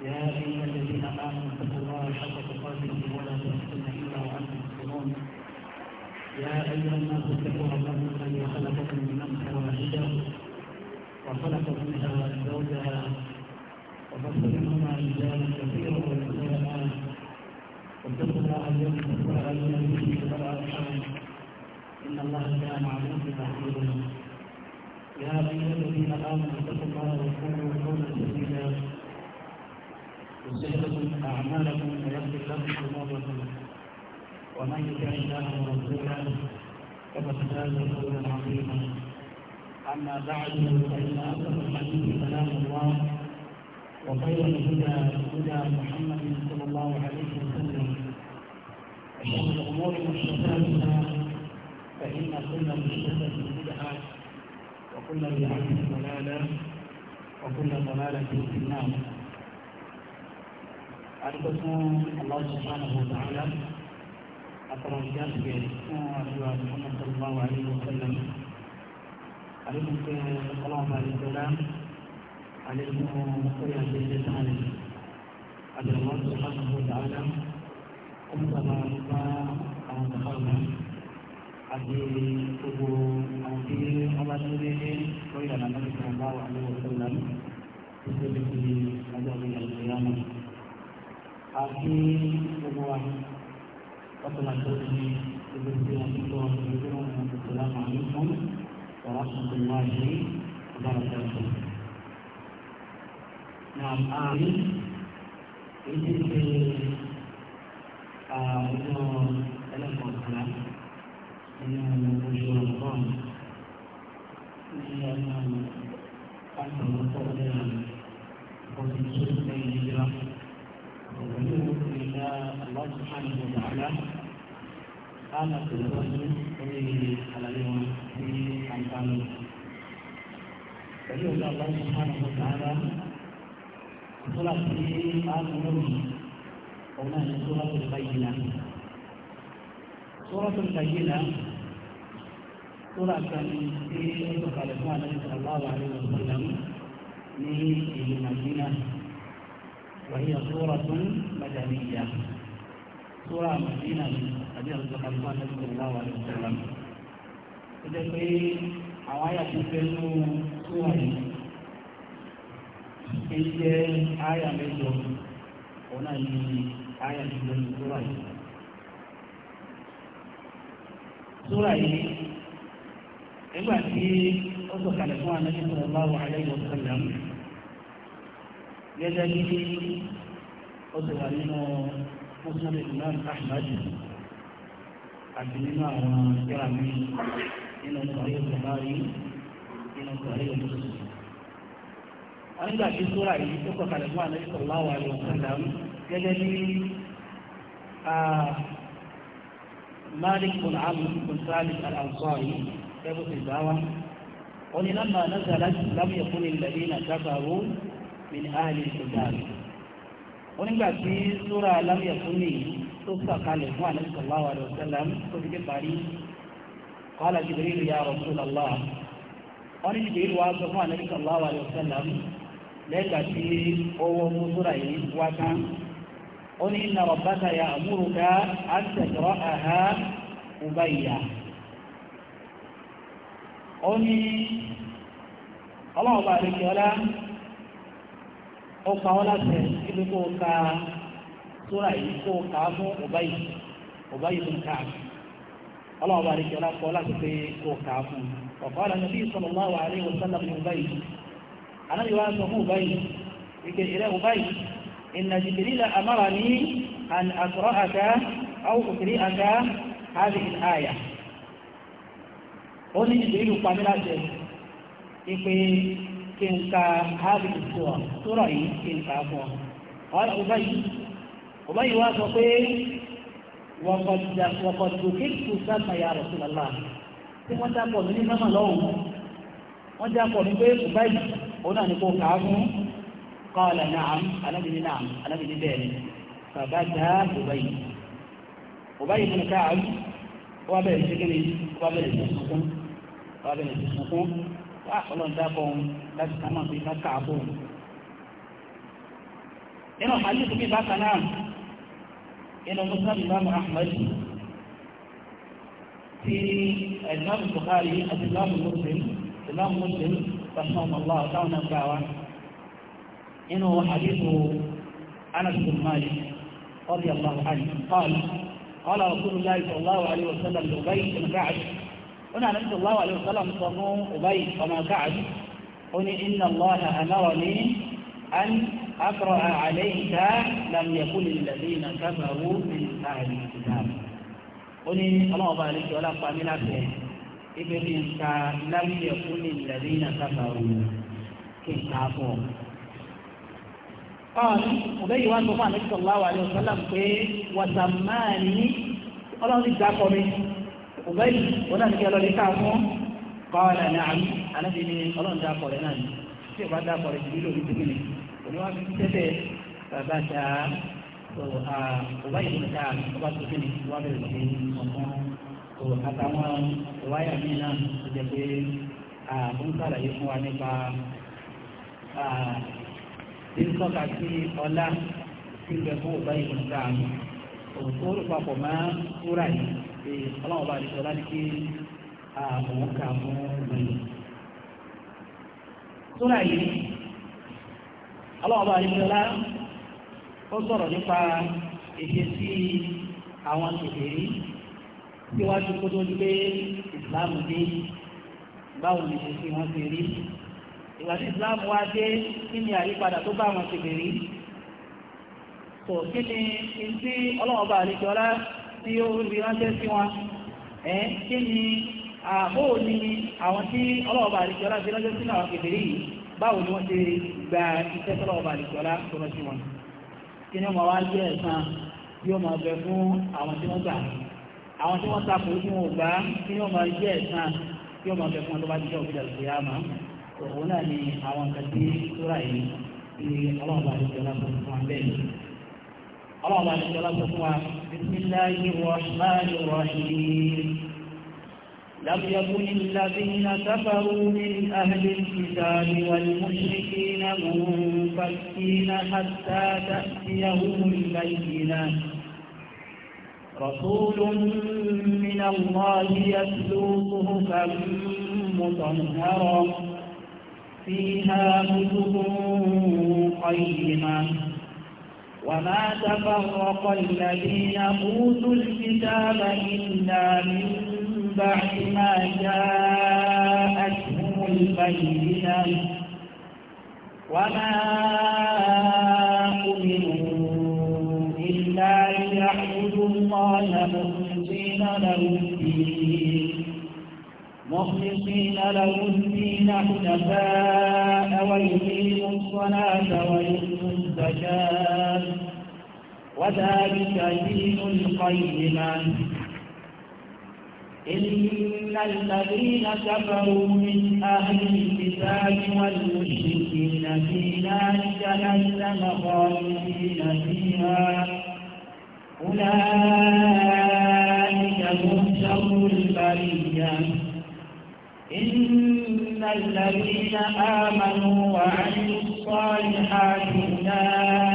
يا أيها الذين آمنوا اتقوا الله حق تقاته ولا تموتن إلا وأنتم مسلمون يا أيها الناس اتقوا الله الذي خلقكم من نفس واحدة وخلق منها زوجها وبث منهما رجالا كثيرا ونساء واتقوا الله الذي تساءلون به والأرحام إن الله كان عليكم رقيبا يا أيها الذين آمنوا اتقوا الله وكونوا قولا سديدا يسلم أعمالكم ويغفر لكم ذنوبكم ومن يطع الله ورسوله فقد فاز فوزا عظيما أما بعد فإن أكثر الحديث كلام الله وخير الهدى هدى محمد صلى الله عليه وسلم وشر الأمور مشتتاتها فإن كل مشتتة بدعة وكل بدعة ضلالة وكل ضلالة في النار adúgbò fún aláwọ̀ sọ́nà ọ̀dọ̀ àlá àtọ̀rọ̀ ìjáde fún àdúrà fún ọ̀sọ̀rọ̀ wà ní ìwọ̀sẹ̀lẹ̀ àdúgbò pé ọlọ́ọ̀bà ìjọba àdúgbò orí àgbègbè sáà ní àdúgbò sọ́nà ọ̀dọ̀ àlá ó ń sábà bá àwọn sàkàrà àti gbogbo àwọn tí wọ́n bá tún lé lórí àlàmọ́ ìfọ̀nbá wà ní ìwọ̀sẹ̀lẹ̀ tó tó lè fi ọjọ́ ìyàwó Haji Umar Pertama Tuhi Kebetulan itu Kebetulan yang berjalan Mahimun Para Sumpah Haji Kebarat Tuhi Nam Ali Ini di Umar Alam Kuala Ini Mujur Kuala Ini Alam Kuala Kuala Kuala Kuala Kuala Kuala ونؤمن بالله الله سبحانه وتعالى قال في الرجل قوله على اليوم في حمدانه فليؤمن الله سبحانه وتعالى صلاة في آل النبي قولنا سورة البينة سورة البينة سورة في سورة الإخوان صلى الله عليه وسلم من المدينة وهي سورة مدنية سورة مدينة حديث رسول الله صلى الله عليه وسلم ṣe pé àwọn àyà tó fẹ́nu súnmọ́ yìí kì í jẹ́ àyà mẹ́jọ òun náà ní àyà tó fẹ́nu súnmọ́ yìí. súnmọ́ yìí nígbà tí ó sọ̀kalẹ̀ fún anájú sọ̀rọ̀ báwo aláìwọ̀ sọ̀rọ̀ yàrá gẹ́gẹ́ bí ó ti wà nínú muslim imam ahmad àti nínú àwọn yàrá mi nínú sọ̀rọ̀ ìbùkárí nínú sọ̀rọ̀ ìbùkárí. ànígbà tí sóra yìí tó kọ̀ kalẹ̀ fún àlejò sallallahu alaihi wasallam gẹ́gẹ́ bí malik bin amr bin salim al-ansari gẹ́gẹ́ bí ó ti نزلت لم يكن الذين كفروا min ahli al-kitab onígbà tí sura lam yakuni tó sàkalẹ̀ fún anabi sallallahu alayhi wa sallam tó fi dé parí qala jibril ya rasulallah wọ́n ní jibril wa sọ fún anabi sallallahu alayhi wa sallam lẹ́gbà tí owó mú sura yìí wá tán ó ní inna rabbaka ya'muruka an taqra'aha ubayya ó ní ọlọ́ọ̀bá àdékẹ́ọ́lá ó pa wọ́n láti ibi kó ka sóra yìí kó ka fún ọ̀báyì ọ̀báyì tó ń ka ọlọ́wọ́ bá rí kí ọlá kọ́ láti pé kó ka fún ọ̀pọ̀ ọ̀la nàbí sallallahu alaihi wasallam ní ọ̀báyì anábì wa sọ fún ọ̀báyì ike ìrẹ́ ọ̀báyì inna Jibrila amarani an aqra'aka aw uqri'aka hadhihi al-aya ó ní Jibril pamílá jẹ ipe kí n ka hábì ìṣòwò sórọ̀ yìí kí n kà á fún ọ. ọ̀rọ̀ ọba yìí ọba yìí wá sọ pé wọ̀kọ̀dù kéèkù sáfà ya rọ̀ sílẹ̀ láà tí wọ́n dápọ̀ mí ní sọ́mà lọ́wọ́ wọ́n dápọ̀ mí pé ọba yìí òun náà ní kó kà á fún kọ́ọ̀lá náà alábìnrin náà alábìnrin bẹ́ẹ̀ ni bàbá dá ọba yìí ọba yìí fún káà wọ́n bẹ̀rẹ̀ sí kí ni wọ́n bẹ̀rẹ̀ sí sunkún wọ́n bẹ̀rẹ̀ sí sunkún ọlọ́run dákọ̀ òun láti ká máa fi ká káàbọ̀ òun. nínú hadith bíi bákan náà inú musa bíi bámu ahmed ti ẹ̀dínláàmù bukhari àti ìlàmù muslim ìlàmù muslim rahman allah táwọn náà gbà wá inú hadith anas bin malik رضي الله عنه قال قال رسول الله صلى الله عليه وسلم لبيت بن كعب هنا النبي صلى الله عليه وسلم صنعوا أبي وما كعب قل إن الله أمرني أن أقرأ عليك لم يكن الذين كفروا من أهل الكتاب قل الله بارك ولا فاملا فيه إبن لم يكن الذين كفروا كتابوا قال أبي وأنت النبي صلى الله عليه وسلم وسماني الله يجزاكم ọ̀bẹ́yì wọn àti kẹlọ́ lè káà fún kọ́ọ̀lá náà anábì ní ọlọ́run dákọ̀ rẹ̀ náà ni tí ìbá dákọ̀ rẹ̀ ti nílò ní tìmínì òní wá fi tẹ́tẹ́ bàbá ta ọ̀bẹ́yì ní ká ọba tó tìmínì wá bẹ̀rẹ̀ sí ọ̀kan tó àtàwọn ìwáyà míì náà tó jẹ́ pé àbúrú sàlàyé fún wa nípa ìsọ́ka sí ọlá tí ń fún ọ̀bẹ́yì ní ká òkú orúkọ pọ̀ máa ń yìí pé ọlọ́run bá nìkan láti kí àwọn kà fún ìgbàlè. Súrà yìí ọlọ́run bá nìkan lá ó sọ̀rọ̀ nípa èdè sí àwọn kèfèrí síwájú kó tó gbé ìsìláàmù dé báwo ni ṣe fi wọ́n ti rí ìgbà tí ìsìláàmù wá dé kí ni àyípadà tó bá wọn kèfèrí. Kò kí ni ntí ọlọ́run bá nìkan lá tí ó rí ránṣẹ́ sí wọn ẹ̀ kí ni àbó ni àwọn tí ọlọ́ọ̀bà àdìjọ́lá fi ránṣẹ́ sínú àwọn kèfèrè yìí báwo ni wọ́n ti gba iṣẹ́ tọ́lọ́ọ̀bà àdìjọ́lá tó rán sí wọn kí ni wọ́n wá jẹ́ ẹ̀san yóò máa bẹ fún àwọn tí wọ́n gbà àwọn tí wọ́n tapò tí wọ́n gbà kí ni wọ́n máa jẹ́ ẹ̀san yóò máa bẹ fún ọdún bá ti òkúta ìgbéyà mọ́ òun náà ni àwọn kàtí sóra yìí ni ọlọ́ọ̀bà àdìjọ́lá tó rán sí wọn bẹ́ẹ̀ بسم الله الرحمن الرحيم لم يكن الذين كفروا من أهل الكتاب والمشركين منفكين حتى تأتيهم البينة رسول من الله يتلو صهفا مطهرا فيها كتب قيمه وما تفرق الذين أوتوا الكتاب إلا من بعد ما جاءتهم البينة وما أمروا إلا ليعبدوا الله مخلصين له الدين مخلصين له الدين حنفاء ويقيموا الصلاة ويؤتوا الزكاة وذلك دين القيم إن الذين كفروا من أهل الكتاب والمشركين في نار جهنم خالدين فيها أولئك هم شر البرية إن الذين آمنوا وعملوا الصالحات أولئك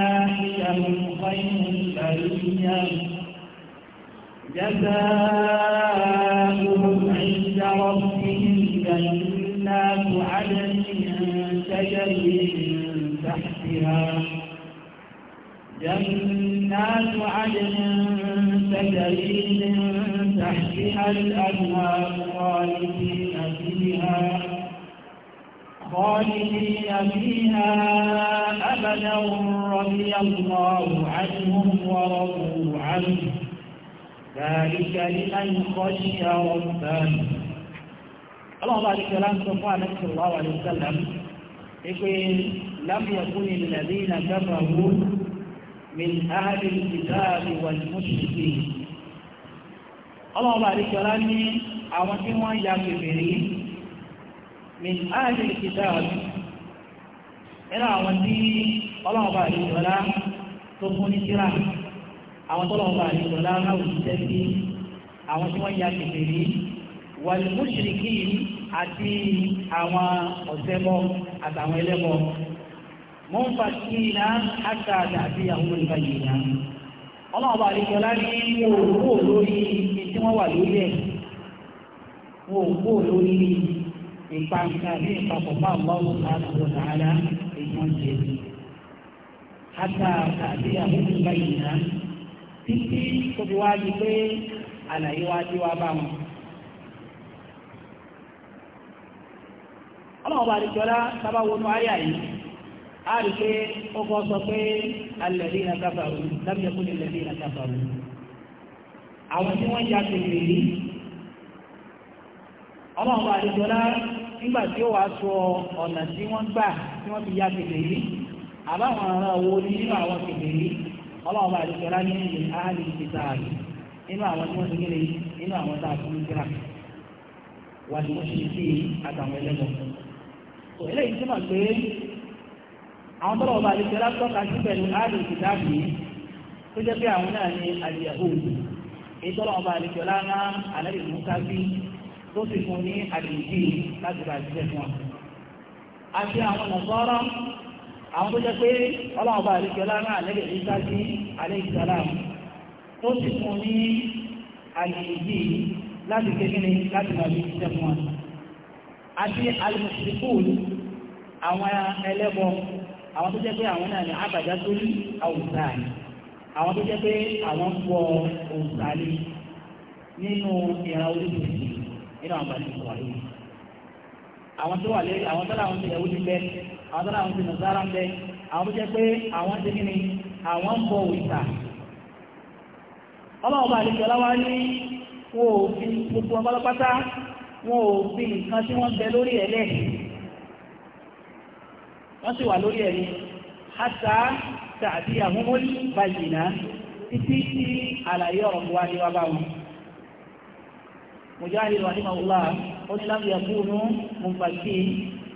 فيها جزاؤهم عند ربهم جنات عدن تجري من تحتها جنات عدن تجري تحتها الأنهار خالدين فيها خالدين فيها أبدا رضي الله عنهم ورضوا عنه ذلك لمن خشي ربه الله بعد كلام صفوان صلى الله عليه وسلم يقول لم يكن الذين كفروا من أهل الكتاب والمشركين الله بعد كلام àwọn tí wọ́n ya kèfèrè min ahli al-kitab ẹ̀rọ àwọn tí ọlọ́ọ̀bà àwọn tọ́lọ̀ ọba àdìgbò lára òṣìṣẹ́ sí àwọn tí wọ́n ya kèké rí wàlúmùsìrìkì àti àwọn àtàwọn fa kí àti àwọn olùkọ́ yìí náà ọlọ́ọ̀bà àdìgbò lárí wọn ò lórí tí wọ́n wà lórí lórí ìpàǹkà ní ìpapọ̀ èyí títí tó fi wá di pé àlàyé wá dé wá bá wọn. ọlọ́wọ́ bá dìjọ́lá sábà wọnú ayé àyè á rí pé ó kọ́ sọ pé alẹ́rí na káfàrú lábẹ́kú ní alẹ́rí na káfàrú. àwọn tí wọ́n ya tèèrè rí ọlọ́wọ́ bá dìjọ́lá nígbà tí ó wà sọ ọ̀nà tí wọ́n gbà tí wọ́n fi ya tèèrè rí àbáwọn ará owó nínú àwọn tèèrè rí ọlọ́run bá àdìsọ lá ní àhàlì ìta àlè nínú àwọn tí wọ́n ti kéde nínú àwọn tá a fún kíra wà ní wọ́n ṣe sí àtàwọn ẹlẹ́gbọ̀n. tó eléyìí túmọ̀ pé àwọn tọ́lọ̀ bá àdìsọ lá tọ́ka sí pẹ̀lú àhàlì ìta àlè tó jẹ́ pé àwọn náà ní àdìyàwó ìtọ́lọ̀ bá àdìsọ lá ná àlẹ́ ìmúká bí tó sì fún ní àdìyàwó láti bá àdìsọ fún àwọn tó jẹ́ pé ọlọ́ọ̀bá àríkẹ́ láàrín àlẹ́gẹ̀ ìsá sí àlẹ́ìsàlám tó sì fún ní àyèjì láti kékeré láti bàbí iṣẹ́ fún wọn àti alìmọ̀sílẹ̀kùn àwọn ẹlẹ́bọ àwọn tó jẹ́ pé àwọn náà ní àbàjá tó ní àwùsáàlì àwọn tó jẹ́ pé àwọn ń bọ òǹsàlì nínú ìran orílẹ̀-èdè nínú àbàjá ìwà yìí àwọn tó wà lé àwọn tó láwọn ti ẹ̀wọ́ ti bẹ́ẹ̀ àwọn tọ́lá àwọn ti nàzára ń bẹ àwọn jẹ́ pé àwọn ti kíni àwọn ń bọ òwìta ọlọ́run bá àlejò ọlá wá ní wọn ò fi gbogbo ọpọlọpátá wọn ò fi nǹkan tí wọ́n bẹ lórí ẹ̀ wọ́n sì wà lórí ẹ̀ ni tàbí àmúmọ́lì báyìí títí tí àlàyé ọ̀rọ̀ wa ní wá bá wọn mujahid rahimahullah ó ní láti yẹ kúrú mú fàkíyì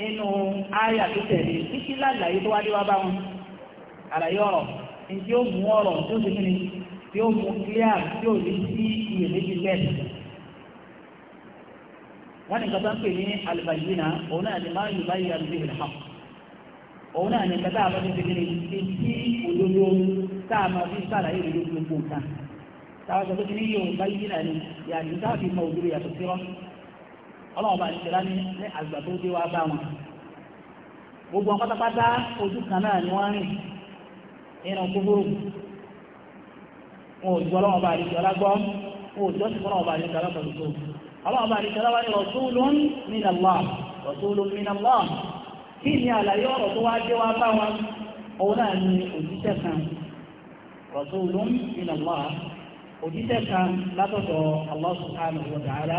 inú àyà tó tẹ̀lé títí láàlàyé tó wáyé wá bá wọn àlàyé ọ̀rọ̀ ní tí ó mú ọ̀rọ̀ tó ti fi ni tí ó mú clear tí ó lè sí iye méjì bẹ́ẹ̀. wọ́n ní nǹkan tó ń pè ní alìbàyínà òun náà ni máa ń yóò báyìí alùpùpù ìlú hàn òun náà ni nǹkan tá a máa fi fi ni etí òdodo tá a máa fi sàlàyé òdodo gbogbo nǹkan táwọn sọ pé kí ni yóò báyìí náà ni yàtọ̀ fi mọ òdodo yàtọ̀ sí ọlọ́ọ̀bà ìṣẹ́lá ní àgbà tó dé wá bá wọn gbogbo wọn pátápátá ojú kan náà ni wọ́n rìn nínú kúkúrú wọn ò ju ọlọ́ọ̀bà ìṣẹ́lá gbọ́ wọn ò jọ́ sí ọlọ́ọ̀bà ìṣẹ́lá pẹ̀lú ọlọ́ọ̀bà ìṣẹ́lá wá ní rasulun min Allah rasulun min Allah kí ni àlàyé ọ̀rọ̀ tó wá dé wá bá wọn òun náà ni òjíṣẹ́ kan rasulun min Allah òjíṣẹ́ kan látọ̀dọ̀ Allah subhanahu wa ta'ala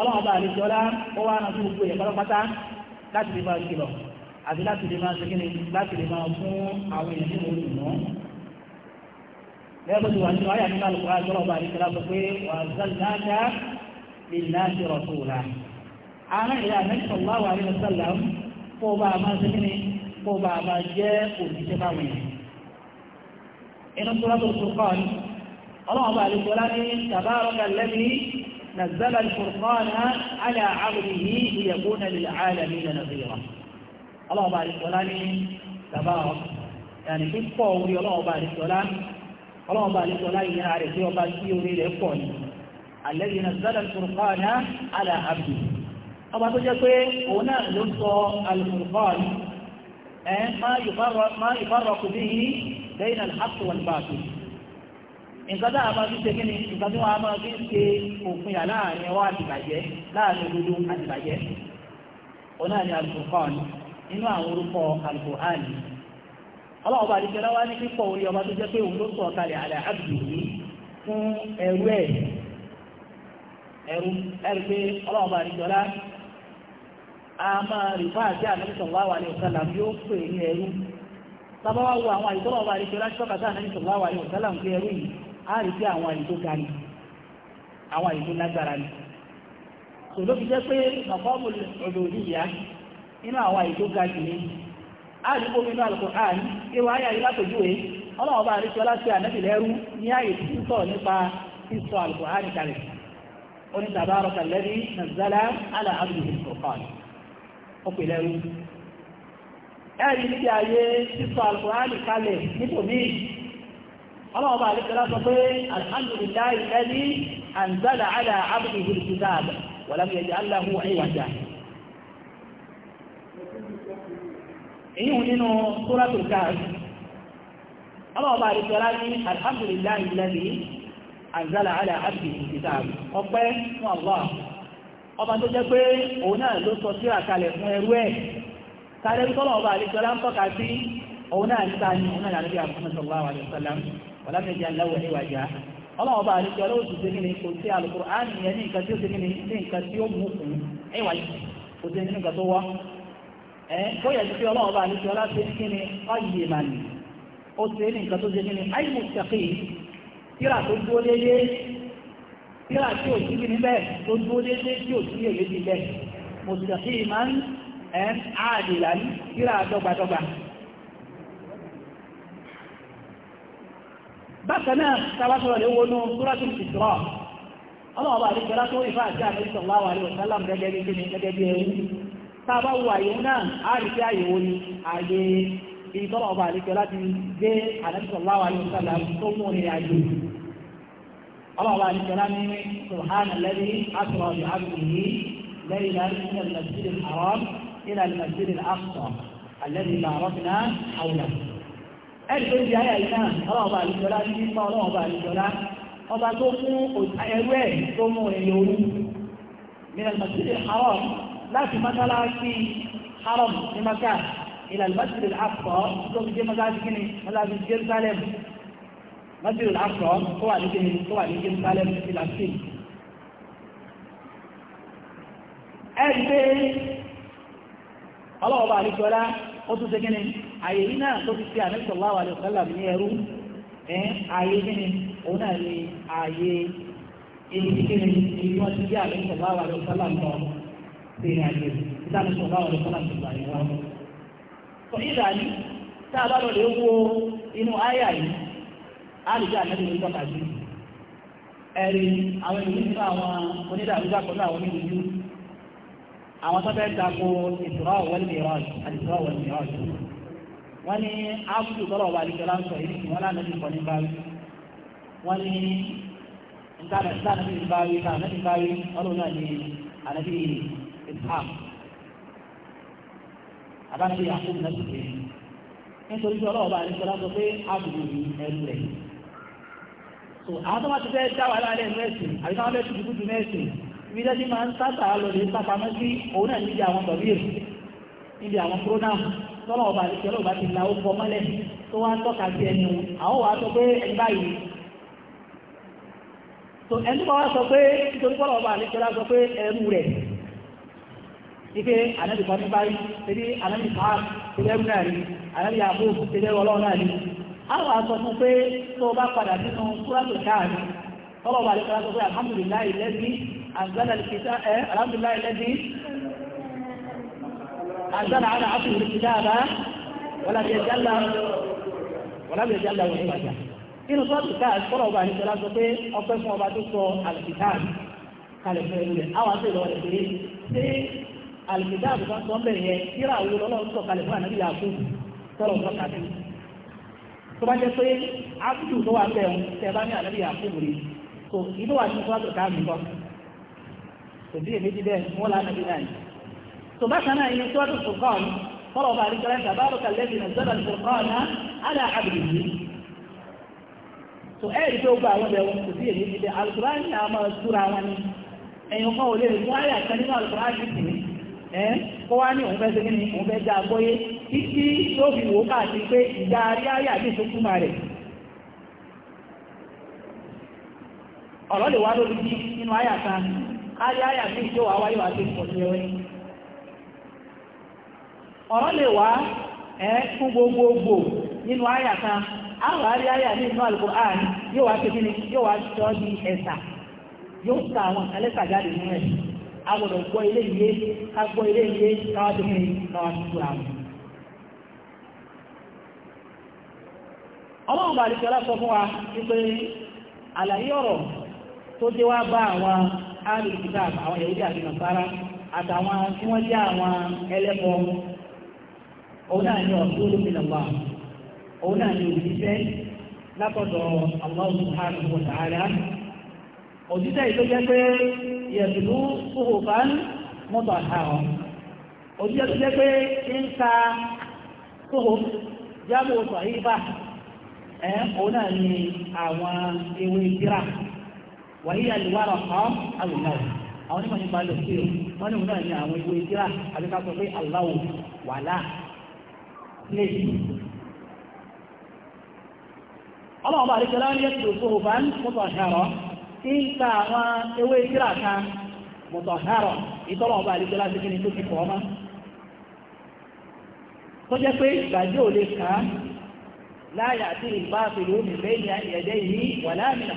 ọlọ́run bá àlejò ọlá ó wá rántí gbogbo èèyàn pátápátá láti lè máa kìlọ̀ àti láti lè máa segin láti lè máa fún àwọn èèyàn nínú oṣù mọ́. lẹ́yìn tó ti wà nínú ayé àti kálukú ayé ọlọ́run bá àlejò ọlá sọ pé wà á sálíláṣà lè láṣẹ ọ̀tún òla. àwọn èèyàn àmẹ́sọ̀ wá wà nínú kó bá a máa segin kó bá a máa jẹ́ òṣìṣẹ́ báwọn èèyàn. inú نزل الفرقان على عبده ليكون للعالمين نظيرا الله بارك ولاني تبارك يعني في قولي الله بارك ولاني الله بارك ولاني يعرف يوباتي يريد يقول الذي نزل الفرقان على عبده أما تجد هنا لنصى الفرقان إيه؟ ما يفرق به بين الحق والباطل nǹkan tá a máa fi ṣe kí ni nǹkan tí wọ́n á máa fi ṣe òfin yà láàrin ọwọ́ àtìbàjẹ́ láàrin òdodo àtìbàjẹ́ òun náà ni alukurkan nínú àwọn orúkọ alukur'an ọlọ́ọ̀bá àdìsẹ́lá wá ní pípọ̀ orí ọba tó jẹ́ pé òun ló sọ ọ̀kalẹ̀ àlẹ́ àbùdùnú fún ẹrú ẹ̀ ẹrú ẹrú pé ọlọ́ọ̀bá àdìsẹ́lá a máa rí fún àti àmẹ́sọ̀láwà ní ọ̀sálà yóò pè ní ẹrú sábà wo àwọn àdìsọ́lọ́ọ̀bá àdìsẹ́lá ṣọ́kàtà àmẹ́sọ̀láwà ní ọ̀sálà ń pé ẹrú yìí á rí sí àwọn àyè tó ga ni àwọn àyè tó lágbára ni tò fi jẹ́ pé mọ̀kọ́mù ọ̀dọ̀dìyà inú àwọn àyè tó ga jù ní á kó nínú Al-Qur'an ewu ayé ayé látòjúwe ọlọ́wọ́ bá rí sí sí ànábì lẹ́rú ní àyè tí ń sọ nípa ala ó pè lẹ́rú ẹ̀rí níbi sísọ ọlọ́wọ́ bá lè tẹ́lá sọ pé alhamdulillahi alladhi anzala ala abdihi alkitab wa lam yaj'al lahu iwaja èyí wọn nínú suratul Kahf ọlọ́wọ́ bá lè tẹ́lá ní alhamdulillahi alladhi anzala ala abdihi alkitab ọpẹ́ fún Allah ọba tó jẹ́ pé òun náà ló sọ síra kalẹ̀ fún ẹrú ẹ̀ kálẹ̀ bí tọ́lọ́wọ́ bá ń tọ́ka sí òun náà níta ni òun náà lànà bí i àbúkọ́ ọ̀làmẹ̀jẹ̀ aláwọ̀ níwájá ọlọ́wọ́ bá àlejò ọlọ́wọ́ ti ṣe kíni kò sí Al-Qur'ani yẹn ní nǹkan tí ó ṣe kíni ní nǹkan tí ó mú fún ẹwà yìí kò sí nínú nǹkan tó wá ẹ bóyá ti fi ọlọ́wọ́ bá àlejò ọlá ṣe kíni ọyẹ mà ní ó ṣe ní nǹkan tó ṣe kíni بسنا ثلاثة الأول سورة الإسراء الله الله عليك لا توقف أجام صلى الله عليه وسلم رجالي كمي كدبي هوني تابا وعيونا عارف يا يوني عجي في طلع بالك لا تنزي على صلى الله عليه وسلم صموني يا جي الله الله عليك لا سبحان الذي أسرى بعبده ليلا من المسجد الحرام إلى المسجد الأقصى الذي باركنا حوله ẹ̀rì tó di ayà yìí náà ọlọ́run bá àlùjọlá ní nípa ọlọ́run bá àlùjọlá ọba tó fún ẹrú ẹ̀ tó mú ẹ̀yẹ orú mìíràn masjid haram láti mọ́sálásí haram ní maka ìlànà masjid al-aqsa tó fi dé mọ́sálásí kíni mọ́sálásí jerusalem masjid al ọlọ́ọ̀bá àríkọ́lá ó tún ṣe gíní àyè yìí náà tó fi ṣe àníṣọ́lá wà lọ́sọ́lá ní ẹrú àyè gíní òun náà ni àyè ibi gíní ibi wọ́n ti jẹ́ àníṣọ́lá wà lọ́sọ́lá lọ sí ní àyè ìdánisọ́lá wà lọ́sọ́lá ti gbà yẹn wọn. àwọn tó fẹ́ tako ìsra wal wọ́n ní ábùdù tọ́lọ̀ wà ní jọlá ń sọ yìí tí wọ́n lánàá ti kọ́ ní báwí a ní ìtànà ìtànà ti báwí ìtànà ti báwí ọlọ́run náà ní ànábì ìtàm àbánábì àkóbù náà ti pè so ibi tata máa ń sáta lọ lè sápamọ́ sí òun náà níbi àwọn tọ̀bíyè níbi àwọn pronoun tọ́lọ̀ ọba àti tẹ́lọ̀ ọba ti la ó kọ mọ́lẹ̀ tó wá ń tọ́ka sí ẹni òun àwọn wàá sọ pé ẹni báyìí tó ẹni bá wá sọ pé nítorí tọ́lọ̀ ọba àti tẹ́lọ̀ sọ pé ẹrú rẹ̀ ike anabi kan ní báyìí ebi anabi kan tẹ́lẹ̀ ẹrú náà rí anabi àbó tẹ́lẹ̀ ọlọ́run náà rí àwọn àsọ fún pé tó bá padà nínú kúrọ́tù káàdì tọ́lọ̀ ọba àti tẹ́lọ̀ sọ pé alhamdulilayi lẹ́sìn أنزل الكتاب الحمد لله الذي أنزل على عبده الكتاب ولم يجعل ولم يجعل له عوجا inú sọ́ọ̀tù káàdì kọ́lọ̀ ọba àti ìṣẹ́lá sọ pé ọpẹ́ fún ọba tó sọ alìkìtáàbì kalẹ̀ fún ẹrú rẹ̀ àwọn àti ìlọ́wọ́ rẹ̀ pé ṣé alìkìtáàbì kan sọ ń bẹ̀rẹ̀ yẹn kíra àwọn olólùwọ́ sọ kalẹ̀ fún ànábì yàkú kọ́lọ̀ ọ̀sọ́ kàdé tó bá jẹ́ pé ábùdù tó wà ń bẹ̀rù tẹ̀ bá ní ànábì yàkú rè so ìlú wa ti sọ́ọ̀tù káàdì kan kò sí èméjì bẹ́ẹ̀ wọ́n lá nàbí náà tó bá kan náà ìyẹn sọ́dún fòkàn fọ́lọ̀ bá rí kẹrẹ́ta bá rọ̀ kàlẹ́bì nà zọ́dà fòkàn náà alá àbìrì tó ẹ̀rí tó gba àwọn ẹ̀wọ̀n kò sí èméjì bẹ́ẹ̀ alùpùránì náà máa túra wọn ni ẹ̀yìn kan ò lè rí wáyà kan nínú alùpùránì sì ni kó wá ní òun fẹ́ ayé ayà ní ìjọ wà wáyé wà sí ìpọ̀jù ẹwẹ́ ọ̀rọ̀ lè wá ẹ́ gbogbogbò nínú ayà kan àwọn ayé ayà ní àlùkò ààrùn yóò wá ṣe kíni yóò wá sọ ní ẹ̀sà yóò sa àwọn ẹlẹ́sà jáde nínú ẹ̀ agbọ̀dọ̀ gbọ́ ilé ìyé ká gbọ́ ilé ìyé káwá tó kíni káwá tó kúra wọn. ọlọ́run bá àdìsọ́lá fún wa àlàyé ọ̀rọ̀ tó dé wá bá àwọn alul kitab àwọn yahudi àti nasara àtàwọn tí wọ́n jẹ́ àwọn ẹlẹ́bọ òun náà ni ọ̀tún olómìnira òun náà ni òṣìṣẹ́ látọ̀dọ̀ Allah subhanahu wa ta'ala òṣìṣẹ́ ìlú jẹ́ pé yẹ̀dùnú fúhùfán mọ́tò àtàwọn òṣìṣẹ́ tó jẹ́ pé ń ka fúhùf jábò sọ̀hífà ẹ̀ òun náà ni àwọn ewé ìdíra wàyí àlùwárà kan àlùmáwò àwọn onímọ̀ nípa lò sí o wọ́n ní òun náà ní àwọn ìwé ìdíra àti ká sọ pé aláwò wàlá léyìí. ọlọ́run bá àdékẹ́lá ń yẹ kìlò fún òfà ń mọ̀tò ọ̀ṣàrọ̀ tí ń ka àwọn ewé ìdíra kan mọ̀tò ọ̀ṣàrọ̀ ìtọ́lọ́run bá àdékẹ́lá ti kí ni tó ti pọ̀ ọmọ. tó jẹ́ pé ìgbàjẹ́ ò lè kà á láyà àti ìbáfẹ̀lú mi lẹ́yìn ẹ̀dẹ́ yìí wàlá mi nà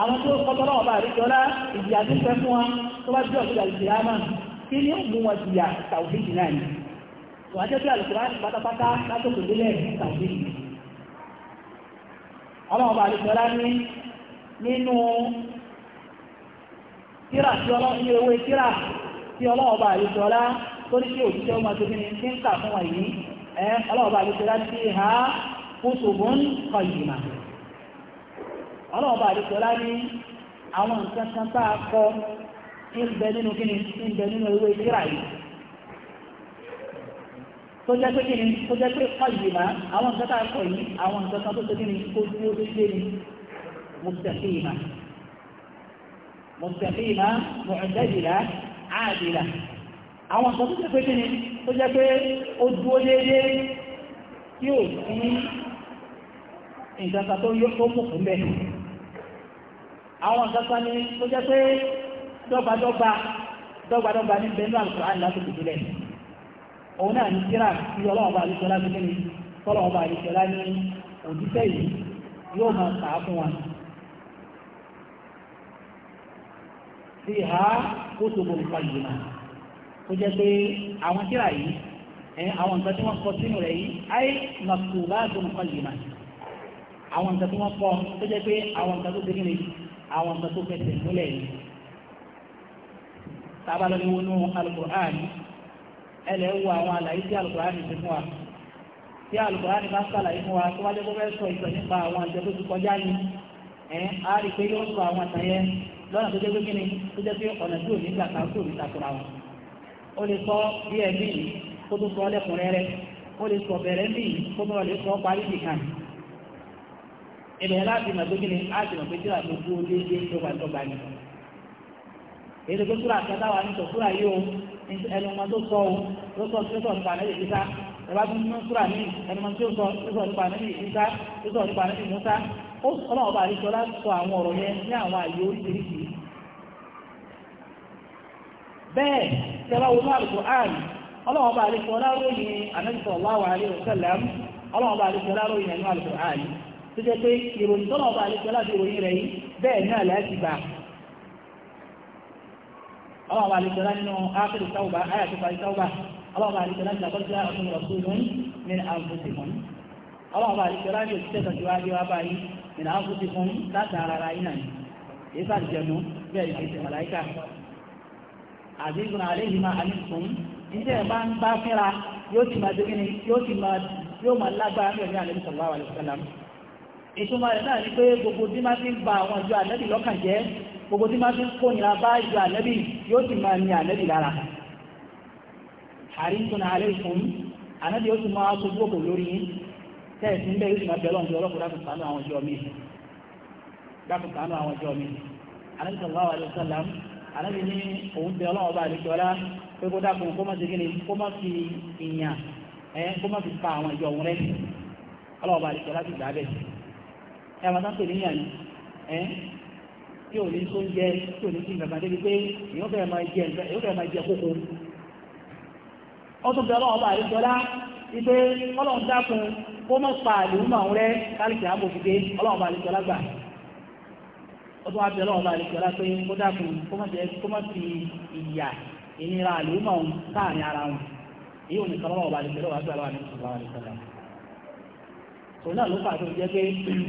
àwọn tó kọ́tọ́ náà bá àríjọlá ìjìyà tó fẹ́ fún wọn tó bá jẹ́ ọ̀gbẹ́gbẹ̀ ìjìyà náà kí ni ó mú wọn jìyà tàwùfíìsì náà ni wọ́n jẹ́ pé àlùkùránì pátápátá látòkò délẹ̀ tàwùfíìsì ọlọ́wọ́ bá àríjọlá ní nínú tíra tí ọlọ́wọ́ ní ewé tíra tí ọlọ́wọ́ bá àríjọlá tó ní kí òṣìṣẹ́ ọmọ tó kíni tí ń kà fún wọn yìí ọlọ́wọ́ bá àríjọlá ti ha kútùbùn ọlọ́ọ̀bá àdìsọ́lá ní àwọn nǹkan kan tá a kọ ìbẹ̀ nínú kíni ìbẹ̀ nínú ewé ìdíra yìí tó jẹ́ pé kíni tó jẹ́ pé kọ́ yìí máa àwọn nǹkan tá a kọ yìí àwọn nǹkan kan tó tó kíni kó dúró déédéé ni mustaqima mustaqima mu'tadila àdìlà àwọn nǹkan tó jẹ́ pé kíni tó jẹ́ pé ó dúró déédéé tí ò nǹkan tó yọ tó mú àwọn ìjọba ni ó jẹ́ pé dọ́gbadọ́gba dọ́gbadọ́gba ní bẹ́ẹ̀ ní Al-Qur'an lásìkò ìbílẹ̀ òun náà ní síra tí ọlọ́ọ̀bà àdìsọ́lá ti kíni tọ́lọ́ọ̀bà àdìsọ́lá ní òjíṣẹ́ yìí yóò máa kà á fún wa sí ha kótóbó nǹkan yìí náà ó jẹ́ pé àwọn síra yìí àwọn nǹkan tí wọ́n kọ sínú rẹ̀ yìí ayé màkùbá tó nǹkan yìí náà àwọn nǹkan tí wọ́n kọ tó jẹ́ pé àwọn nǹkan tó ṣe kíni àwọn nǹkan tó fẹsẹ̀ múlẹ̀ yìí tábàlọ́ ní wọnú alukur'an ẹlẹ́ wo àwọn àlàyé tí alukur'an ti fún wa tí alukur'an bá sàlàyé fún wa tó wájú kó fẹ́ sọ ìtàn nípa àwọn àjọ tó ti kọjá ni ẹ̀ á rí i pé yóò sọ àwọn àtàn yẹn lọ́nà tó jẹ́ pé kíni tó jẹ́ pé ọ̀nà tí ò gbà kan tó ní takura wọn ó lè sọ bí ẹbí kó tó sọ lẹ́kùnrẹ́rẹ́ ó lè sọ bẹ̀rẹ̀ bí kó tó lè sọ parí nìkan yìí ibẹ̀ láti mọ̀ pé ni a ti mọ̀ tó dúró déédéé tó wà tó gbani. èdè tó àti o ẹnu ọmọ tó sọ o tó sọ tó sọ nípa ànábì ìsá ẹ̀bá tó nínú túra ní ẹnu tó sọ tó sọ nípa tó sọ nípa ó sọ àwọn ọ̀rọ̀ tó jẹ́ pé ìròyìn tọ́lọ̀ ọba àlejò láti ìròyìn rẹ̀ yìí bẹ́ẹ̀ náà láti gbà ọlọ́ọ̀bà àlejò nínú ápẹ́lú sáwùbá ayàtúfà sáwùbá ọlọ́ọ̀bà àlejò láti àkọ́já ọdún rọ̀sùlùm ní àǹfùsìkùn ọlọ́ọ̀bà àlejò láti òṣìṣẹ́ tọ̀síwájú wá báyìí ní àǹfùsìkùn láti ara yìí náà yìí ìtumọ̀ rẹ̀ náà ni pé gbogbo tí máa fi ń ba àwọn ìjọ ànẹ́bì lọ́kàn jẹ́ gbogbo tí máa fi ń kónira bá ìjọ ànẹ́bì yóò sì máa ní ànẹ́bì lára àríkùnà alẹ́ ìfún ànẹ́bì yóò sì máa sojú òkò lórí tẹ́ẹ̀sì ń bẹ́ yóò sì máa bẹ̀rẹ̀ ọ̀dọ̀ ọlọ́pàá dákùnkánú àwọn ìjọ mi dákùnkánú àwọn ìjọ mi ànẹ́bì sallallahu alaihi wasallam ànẹ́bì ẹwàtá pè ní yàní ẹ́ tí ní tó ń jẹ tí o ní sí ìgbàgbà débi pé èyàn fẹ́ máa jẹ nǹkan èyàn fẹ́ máa jẹ kókó ọtún bẹ ọlọ́run ọba àríṣọlá wípé ọlọ́run dákun kó mọ̀ pa àlùmọ̀ àwọn rẹ káàkiri àbòfìdé ọlọ́run gbà ọtún wá bẹ ọlọ́run pé kó dákun kó mọ̀ fi ìyà ìnira ara wọn èyí ò ní ọlọ́run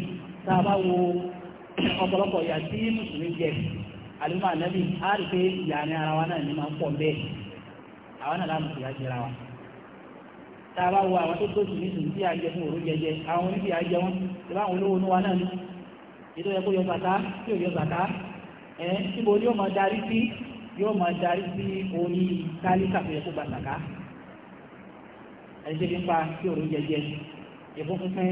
wà tá a bá wo ọ̀pọ̀lọpọ̀ ìyà tí mùsùlùmí jẹ àlùmọ́ ànábì á rí pé ìyà ni ara wa náà ní máa ń pọ̀ bẹ́ẹ̀ àwọn náà láàmù ìyà jẹra wa tá a bá wo àwọn tó tó sì ní sùn tí a jẹ fún òru jẹjẹ àwọn oníbi à jẹ wọn tí báwọn olówó inú wa náà ní ètò yẹ kó yọ bàtà tí ò yọ bàtà ẹ síbo ni yóò máa darí sí yóò máa darí sí orí kálíkà tó yẹ kó gbàtàkà ẹ̀ṣẹ́ fi ń pa sí òru jẹjẹ ìfúnfúnfún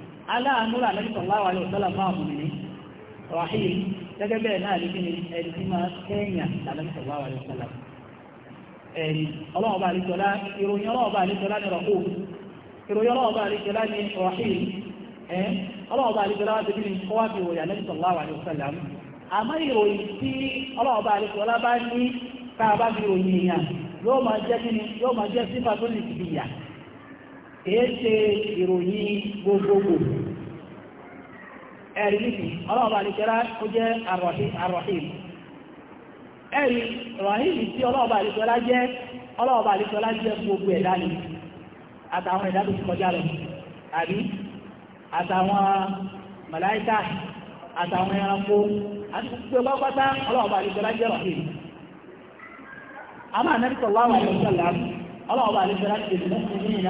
aláàánú rà lẹ́yìn sallallahu alaihi wasallam máa mú rahim gẹ́gẹ́ bẹ́ẹ̀ náà ní kíni ẹni máa kẹ́yìn lẹ́yìn sallallahu alaihi wasallam ẹ̀rí ọlọ́ọ̀bá àlejòlá ìròyìn rahim ọlọ́ọ̀bá àlejòlá wá débi ní kọ́wá bí kìí ṣe ìròyìn gbogbogbò ẹ̀rí nìsí ọlọ́ọ̀bà àríkẹ́lá ó jẹ́ àrọ̀hìm ẹ̀rí rọ̀hìm tí ọlọ́ọ̀bà jẹ́ ọlọ́ọ̀bà jẹ́ gbogbo ẹ̀dá ni àtàwọn ẹ̀dá tó ti kọjá lọ àbí àtàwọn màláíkà àtàwọn ẹranko àti gbogbo pátá ọlọ́ọ̀bà àríkẹ́lá jẹ́ rọ̀hìm àmà nẹ́bí sọ̀lá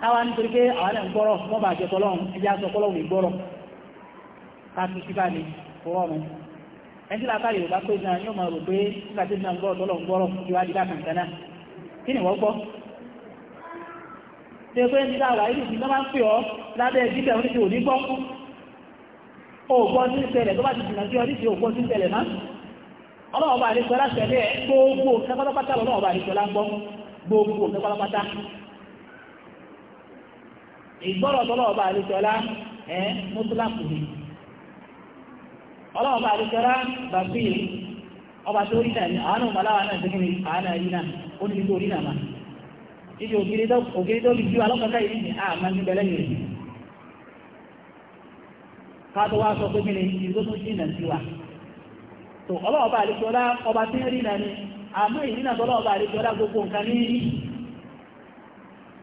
káwá nítorí pé àwọn náà ń gbọ́rọ̀ wọ́n bá jẹ́ tọ́lọ́run ẹjá sọ pọ́lọ́run ìgbọ́rọ̀ káàkiri sí báyìí fọwọ́run ẹni tí lápá yorùbá pé náà yóò máa rò pé nígbà tí náà ń gbọ́rọ̀ tọ́lọ́run gbọ́rọ̀ ìwádìí bá kàǹkà náà kí ni wọ́n gbọ́ ṣe pé ní láwà ìlú ti lọ́ máa ń pè ọ́ lábẹ́ ìdíkẹ̀ oníṣẹ́ òní gbọ́ ògbọ́ sí ìṣẹ̀lẹ̀ tó bá ti jìnà sí oníṣẹ́ ògbọ́ sí ìṣẹ̀lẹ̀ náà ọlọ́ọ̀bà àdìsọ́lá ìgbọ́rọ̀ tọ́lọ́ọ̀bá àríṣọ́lá ẹ́ mọ́tòlápù ni ọlọ́ọ̀bá àríṣọ́lá bapili ọba tó rí náà ni àánú màláwà náà ti kíni àánà rí náà ó ní tó rí náà máa ibi ògiri tó ju alọ́kọ̀ọ́kọ́ yìí àmà ní yìí wá sọ pé kíni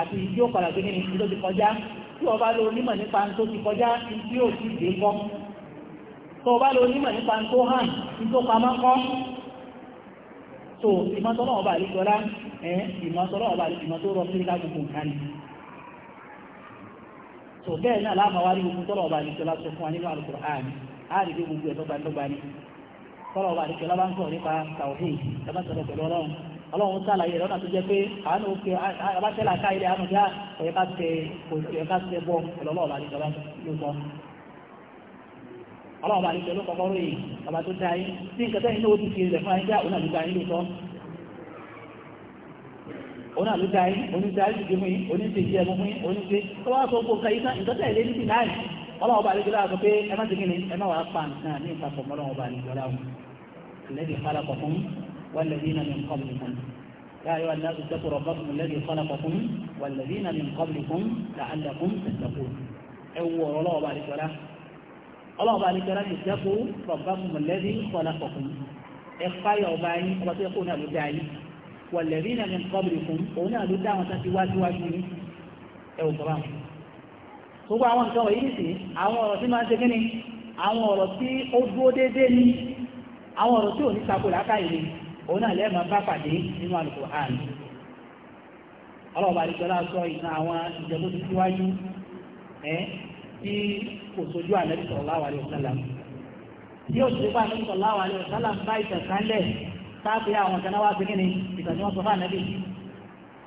àti ìdí ó padà gbẹ́gẹ́ ní ìdí tó ti kọjá tí o bá lo onímọ̀ nípa tó ti kọjá tí ó ti dé kọ́ tó o bá lo onímọ̀ nípa tó hàn tí tó pamọ́ kọ́ so ìmọ̀tọ́lọ́ ọba àlejọ́lá ẹ̀ ìmọ̀tọ́lọ́ ọba àlejọ́ tó rọ sí lágbègbè nǹkan ni so bẹ́ẹ̀ náà láàmà wá rí gbogbo tọ́lọ̀ ọba àlejọ́lá sọ fún wa nínú Al-Qur'an gbogbo ẹ̀ tọ́gbà ni tọ́lọ̀ ọba àlejọ́lá bá ń sọ̀rọ̀ nípa tàwọ́fẹ́ ìtàbátọ̀lọ̀ pẹ̀lú ọlọ́run ọlọ́run sàlàyé lọ́nà tó jẹ́ pé àánú òkè abáṣẹ́lá ká ilẹ̀ àánú já ọ̀yẹ́ ká tẹ òṣìṣẹ́ ká tẹ bọ́ ọlọ́ọ̀bà ní ìjọba ló sọ ọlọ́ọ̀bà ní ìjọba kọ́kọ́ rèé ọba tó dá yín tí nǹkan tẹ́yìn ló ti fi rẹ̀ fún ayíjá òun àlùdá yín ló sọ òun àlùdá yín oníṣẹ́ àìsíkí fún yín oníṣẹ́ ìjẹ́ fún oníṣẹ́ tó wá sọ gbogbo ẹ̀yìn والذين من قبلكم يا أيها الناس اتقوا ربكم الذي خلقكم والذين من قبلكم لعلكم تتقون أول الله بارك ولا الله بارك ولا اتقوا ربكم الذي خلقكم اخفايا وباين وتقون لدعي والذين من قبلكم هنا لدعوا تسوات واجمين ẹ̀wọ̀n bàbá mi. Gbogbo àwọn nǹkan wọ̀nyí nìsí, àwọn ọ̀rọ̀ tí máa ń ṣe kíni, àwọn ọ̀rọ̀ tí ó dúró déédéé ni, àwọn ọ̀rọ̀ tí ò ní sako làákàyè ni òun náà lẹ́ẹ̀mọ́ bá pàdé nínú Al-Qur'an ọlọ́ọ̀bà àdìgbọ́lá sọ ìtàn àwọn ìjọba tó síwájú ẹ tí kò sojú Ànábì sallallahu alaihi wasallam tí ó sojú Ànábì sallallahu alaihi wasallam bá ìtàn kálẹ̀ sáàpì àwọn kan náà wá sí kí ni ìtàn tí wọ́n sọ fún Ànábì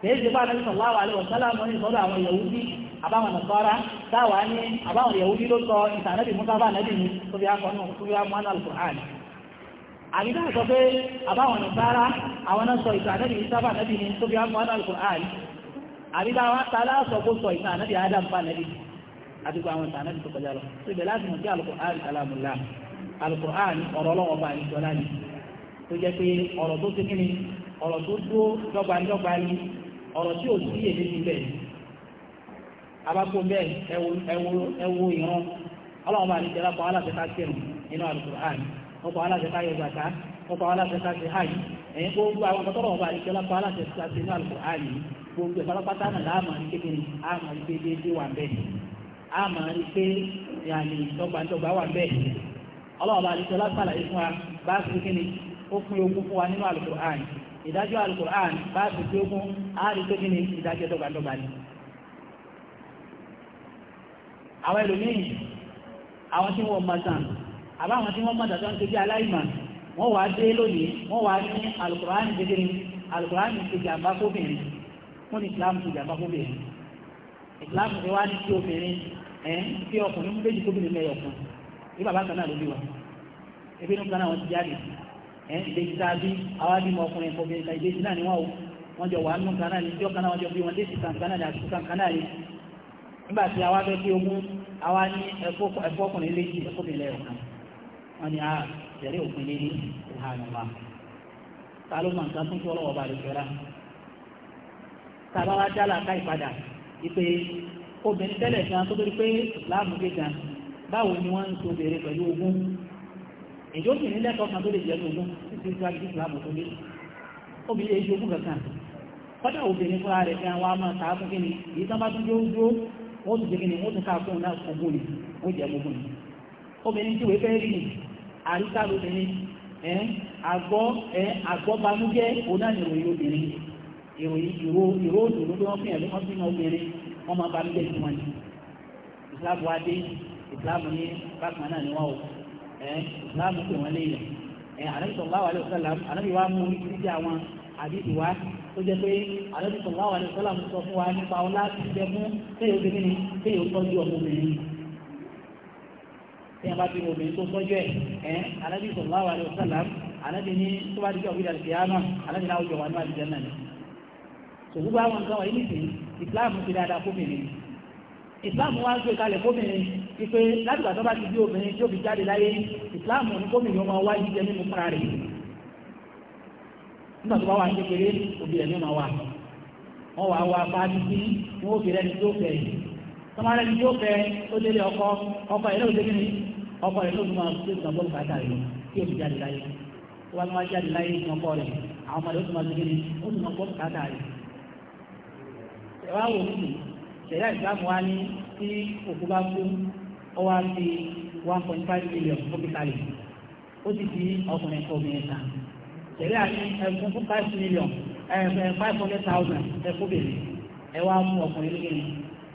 kìí ṣe bá Ànábì sallallahu alaihi wasallam ní sọ́dọ̀ àwọn Yahudi àbáwọn nàkọ́ra táwa ní àbáwọn Yahudi ló sọ ìtàn Ànábì Mùsá àrídá sọ pé àbáwọn nàbára àwọn náà sọ ìtàn ànábì sábà ànábì ní tó bí á mọ́ àrídá wa tààlà sọ pé sọ ìtàn ànábì adam pa àdúgbò àwọn ìtàn ànábì tó kọjá lọ tó ibẹ̀ láti mọ̀ sí ni tó jẹ́ pé ọ̀rọ̀ tó ti kíni ọ̀rọ̀ tó ọ̀rọ̀ tí wọ́n pa aláṣẹ káyọ̀ zaka wọ́n pa aláṣẹ káṣẹ hajj ẹ̀yìn gbogbo àwọn ọ̀tọ́ ọ̀bà àríkẹ́ lápá aláṣẹ káṣẹ ní Al-Qur'ani gbogbo ìfarapátá náà láàmà ní kékeré àmà ní pé déédé wà bẹ́ẹ̀ àmà ní pé yàní dọ́gbandọ́gba wà bẹ́ẹ̀ ọlọ́ọ̀bà àríkẹ́ lápá àlàyé fún wa bá a fi kíni ó fún ogún fún wa nínú Al-Qur'ani ìdájọ́ alukur'an bá fi tí ó àbáwọn tí wọ́n mọ̀ tàbí wọ́n ti bí aláìmọ̀ wọ́n wá dé lónìí wọ́n wá ní alukurani kékeré alukurani ti jàmbá fóbìnrin wọ́n ní islam ti jàmbá fóbìnrin islam ti wá ní tí obìnrin ẹ̀ ń fi ọkùnrin méjì fóbìnrin mẹ́yọ̀ kan ní bàbá kan náà ló bí wa ebi inú kan náà wọ́n ti jáde ẹ̀ ń ìdèjì tá a bí ni wọ́n o wọ́n jọ wà nínú kan náà ni tí ọkàn náà wọ́n jọ bí wọn dé sísan kan ni àti sísan ni nígbà tí àwa fẹ́ fi ogún àwa ní ẹ̀fọ́ ọkùnrin léjì ẹ̀fọ́ wọ́n ní a ah, tẹ̀lé òfin lé ní ìhànàmà ta ló mọ̀ nǹkan fún tí ọlọ́wọ́ bá lè jọra tàbá wa dá làákà ìpadà ìpè obìnrin tẹ́lẹ̀ gan tó torí pé láàmú gbé gan báwo ni wọ́n ń so béèrè pẹ̀lú ogún èyí ó sì ní lẹ́kọ̀ọ́ kan tó lè jẹ́ ogún títí tí wọ́n ti fi láàmú tó lé obìnrin èyí ogún kankan kọ́dà obìnrin fúnra rẹ̀ gan wọ́n á máa ta fún kíni èyí tán bá tún dúró dúró wọ́n tún jẹ́ kíni wọ́n tún ká fún un náà ogún ni wọ́n jẹ́ ogún ni obìnrin tí wọ́n fẹ́ rí ni àríkà lóbìnrin ẹ̀ àgbọ́ ẹ̀ àgbọ́banújẹ́ onánìròyìn obìnrin ìròyìn ìró ìró òdò ló wọ́n fìyàn lọ́wọ́ sínú obìnrin wọ́n máa banújẹ́ sí wọn ni ìsìláàmù wa dé ìsìláàmù ní bákan náà ni wọ́n o ẹ̀ ìsìláàmù pè wọ́n léèyàn ẹ̀ àlẹ́sọ̀lá wa lè sọ̀lá àlẹ́bí wa mú ìdíje àwọn àdìsí wa tó jẹ́ pé àlẹ́bí sọ̀lá wa lè sọ̀lá sọ fún wa nípa ọlá tí jẹ fún kéèyàn obìnrin kéèyàn tọ́jú ọmọbìnrin tí a bá fi wo obìnrin tó tọ́jú ẹ̀ ẹ́ alábí sallallahu alaihi wasallam alábí ní tó bá dìjọ́ òbí dàrú kìámà alábí náà jọ wà ní àdìjẹ́ náà ni. sòwúgbà àwọn nǹkan wà yìí nìsín ìsìláàmù ti dáadáa fóbìnrin ìsìláàmù wá gbé kalẹ̀ fóbìnrin ipe láti gbà tó bá ti bí obìnrin tí ó fi jáde láyé ìsìláàmù ní fóbìnrin ọmọ wá jíjẹ nínú fúnra rẹ̀ nígbà tó bá wà kékeré òbí rẹ̀ ní ọmọ wa wọ́n wà wá títí ní ó fi rẹ́ni tó fẹ́ tọ́mọ rẹ́ni tó fẹ́ ó délé ọkọ ọkọ ìlú òdebìnrin ọkọ rẹ̀ ló máa tó ìtàn bọ́ọ̀lù bàtà rẹ̀ tí o ti jáde láyé wọ́n máa jáde láyé ní ọkọ rẹ̀ àwọn ọmọdé ó ti máa tóbi ní ó ti máa bọ́ọ̀lù bàtà rẹ̀. ẹ̀wá wò ó ṣẹ̀dá ìsìlámù wa ní tí òkú bá kú ọ wá fi one point five million fún kíkalẹ̀ ó ti di ọkùnrin kan obìnrin kan ṣẹ̀dá ní ẹ̀fún fún five million five hundred thousand ẹ̀fún bèrè ẹ̀wá mú ọkùnrin lókè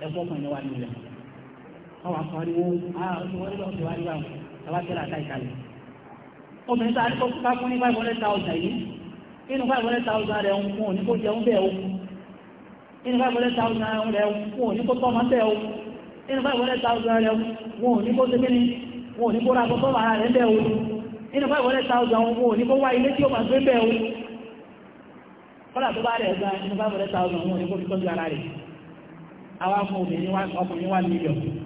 ẹ̀fún ọkùnrin lọ́wọ́ àwọn àpariwo ah, obìnrin tó àríkọ́ kúkà fún ní 500,000 yìí inú 500,000 rẹ̀ ń fún òní kó jẹun bẹ́ẹ̀ o inú 500,000 rẹ̀ ń fún òní kó tọ́mọ bẹ́ẹ̀ o inú 500,000 rẹ̀ wọn ò ní kó ṣe kíni wọn ò ní kó ra gbogbo ara rẹ̀ bẹ́ẹ̀ o inú 500,000 wọn ò ní kó wá ilé tí ó bá gbé bẹ́ẹ̀ o kọ́lá tó bá rẹ̀ gan inú 500,000 wọn ò ní kó fi tọ́jú ara rẹ̀ àwa fún obìnrin wa ọkùnrin wa mílíọ̀nù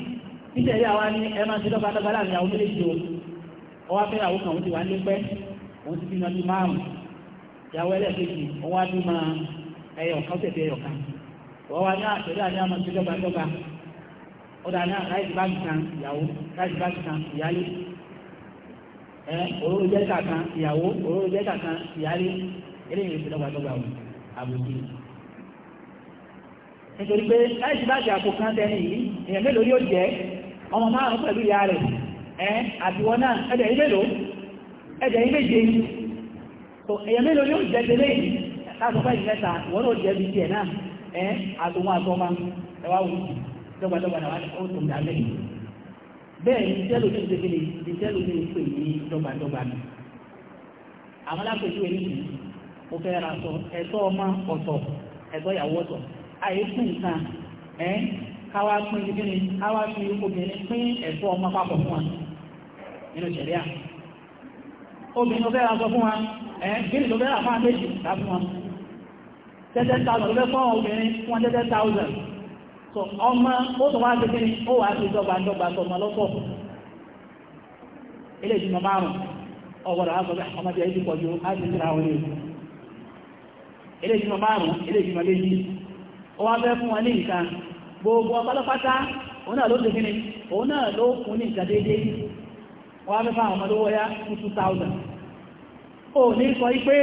níṣẹ̀lẹ̀ àwa ní ẹ máa ṣe dọ́gbadọ́gba láàrin àwọn méjèèjì o ọwọ́ fẹ́ àwọn kan òun ti wà ní pẹ́ òun ti bímọ bíi márùn-ún ìyàwó ẹlẹ́ẹ̀kejì òun wá bímọ ẹyọ kan tẹ̀tẹ̀ ẹyọ kan ọwọ́ wa ní àṣẹlẹ̀ ah, àní àmọ́ ṣe dọ́gbadọ́gba ọ̀dà náà ah, láìsí báàgì kan ìyàwó láìsí báàgì kan ìyálé ẹ òróró jẹ́ kàkan ìyàwó òróró jẹ́ kàkan ìyálé eléyìí ṣe dọ́gbadọ́gba o àbòjì nítorí pé láìsí báàgì àpò kan tẹ́ni yìí èèyàn mélòó ni ó jẹ́ ọmọ márùn pẹ̀lú ìyá rẹ̀ ẹ́ àtiwọ́ náà ẹ̀dẹ̀ yìí mélòó ẹ̀dẹ̀ yìí méje so èyàn mélòó ni ó jẹ́ tẹ́lẹ̀ yìí láàpọ̀ ìlú mẹ́ta ìwọ́n ó jẹ́ bí tiẹ̀ náà ẹ́ àtòwọn àtọ́mà ẹwà wù dọ́gbàdọ́gbà náà ó tó dálẹ̀ bẹ́ẹ̀ ni tẹ́lò ní ìdíkele ní tẹ́lò ní ìpè ní dọ́gbàdọ́gbà mi àwọn alápèjú ẹni yìí mo fẹ́ ra sọ ẹ̀tọ́ ọmọ ọ̀tọ̀ ẹ̀tọ́ ìyàwó ọ̀tọ̀ àyè fún nǹkan ẹ́ káwá pín ìdíkíni káwá fi obìnrin pín ẹ̀tọ́ ọmọ papọ̀ fún wa nínú ìṣẹ̀lẹ̀ à obìnrin ló fẹ́ sọ fún wa ẹ̀ gíní ló fún ta fún wa tẹ́tẹ́ tààzà ló fẹ́ fún obìnrin fún tẹ́tẹ́ so ọmọ ó tó wá sí kíni ó wà á fi dọ́gba dọ́gba sọmọ lọ́pọ̀ ilé ìjùmọ̀ márùn ọgbọ̀dọ̀ á sọ pé ọmọ jẹ́ ìdíkọ̀ ju ilé gbogbo ọpálọpátá òun náà ló ti kíni òun náà ló kún ní ìjà déédé wọ́n á fẹ́ fáwọn ọmọdé wọ́n yá ní 2000 ó ní sọ pé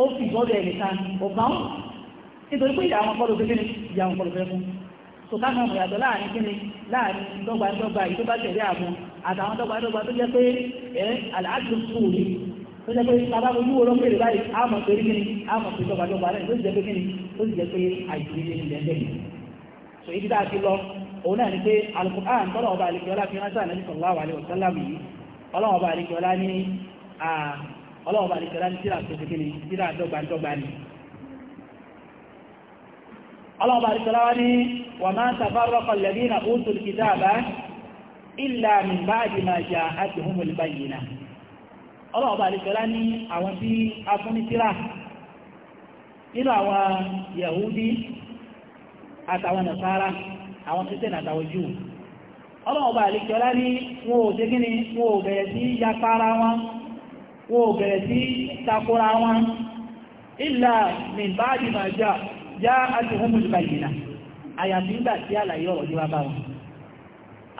ó fi ìgbọ́dọ̀ ẹ̀nìkan ọ̀gbọ́n nítorí pé ìyàwọn kọ́ ló fẹ́ kíni ìyàwọn kọ́ fẹ́ fún so káàkiri ọmọ ìyàtọ̀ láàrin kíni láàrin dọ́gba dọ́gba yìí tó bá tẹ̀lé àwọn àtàwọn dọ́gba dọ́gba tó jẹ́ pé ẹ̀ aláàjù kù ní tó jẹ́ pé bàbá ojú wo ló pèrè báyìí àmọ̀ pèrè kíni àmọ̀ pèrè dọ́gba dọ́gba rẹ̀ tó sì jẹ́ pé kíni tó sì so ibi dáa ti lọ òun náà ni pé alukur'an tọ́lọ̀ ọba àlekíọ́lá fi ránṣẹ́ ànábì sallallahu alaihi wasallam yìí ọlọ́wọ́ ọba àlekíọ́lá ní ọlọ́wọ́ ọba àlekíọ́lá ní tíra tó kékeré tíra dọ́gbandọ́gba ni ọlọ́wọ́ ọba àlekíọ́lá wá ní wa ma tíra nínú àwọn àtàwọn nàṣàrà àwọn christian àtàwọn jù ọlọ́wọ́ bá àlejò ọlá ní wọn ò ṣe gíní wọn ò bẹ̀rẹ̀ sí yapara wọn wọn ò bẹ̀rẹ̀ sí takora wọn ìlà nìbáàdì máa já já àtìhúnmùsù bàyìnà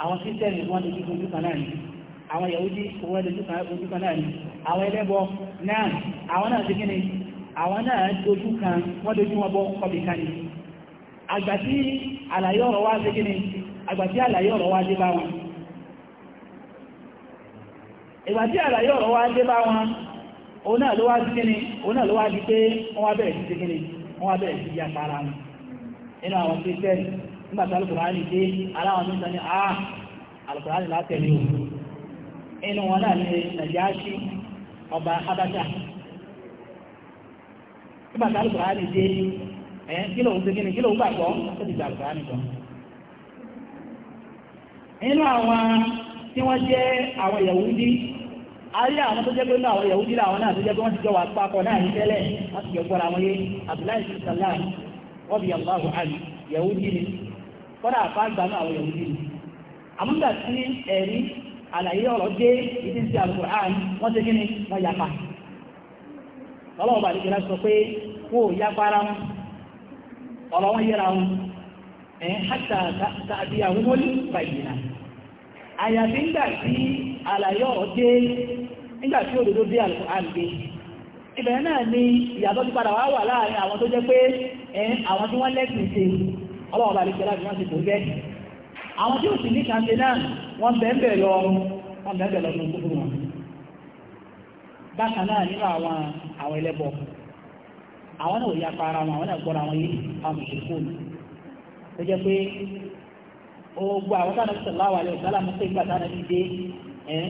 àwọn christian wọn ojú kan náà ni àwọn ẹlẹ́bọ náà àwọn náà ṣe gíní àwọn náà dojú kan wọ́n dojú wọn bọ́ kọ́bí kan ni agbati ala àlàyé ọ̀rọ̀ wá dé kíni àgbà àlàyé ọ̀rọ̀ wá dé bá wọn àlàyé ọ̀rọ̀ wá dé bá wọn náà ló wá sí náà ló wá di pé wọ́n wá bẹ̀rẹ̀ sí kíni wọ́n wá bẹ̀rẹ̀ sí yapa a o wọn ọba ẹ̀ kí lòun ṣe kíni kí lòun gbàgbọ́ ó ti gbàgbọ́ nìkan. nínú àwọn tí wọ́n jẹ́ àwọn Yahudi ayé àwọn tó jẹ́ pé àwọn Yahudi náà tó jẹ́ pé wọ́n ti jọ wà papọ̀ náà ní tẹ́lẹ̀ wọ́n ti jọ gbọ́ra wọn yé Abdullahi sallam yàgbọ́ àwọn kọ́dà náà àwọn àmúgbà tí ẹ̀rí àlàyé ọ̀rọ̀ dé ìdí sí wọ́n ti wọ́n yapa sọ pé ọ̀rọ̀ wọn yẹra wọn ẹ̀ hátà tàbí àwọn olú bàyìnà àyàfi nígbà tí àlàyé ọ̀rọ̀ dé nígbà tí òdodo dé àgbè ibẹ̀ náà ni ìyàtọ̀ ti padà wá wà láàrin àwọn tó jẹ́ pé ẹ̀ àwọn tí wọ́n lẹ́sìn ṣe ọlọ́wọ́ bá lè ṣe láti wọ́n ti tó bẹ́ẹ̀ àwọn bákan náà nínú àwọn àwọn ẹlẹ́bọ̀ọ́ àwọn náà ya para wọn àwọn náà gbọ́ra wọn yìí àwọn mùsùlùmí ó jẹ́ pé ogun àwọn tánà ti sọ̀lá wà lẹ́ òsálà mú pé ìgbà tánà ti dé ẹ́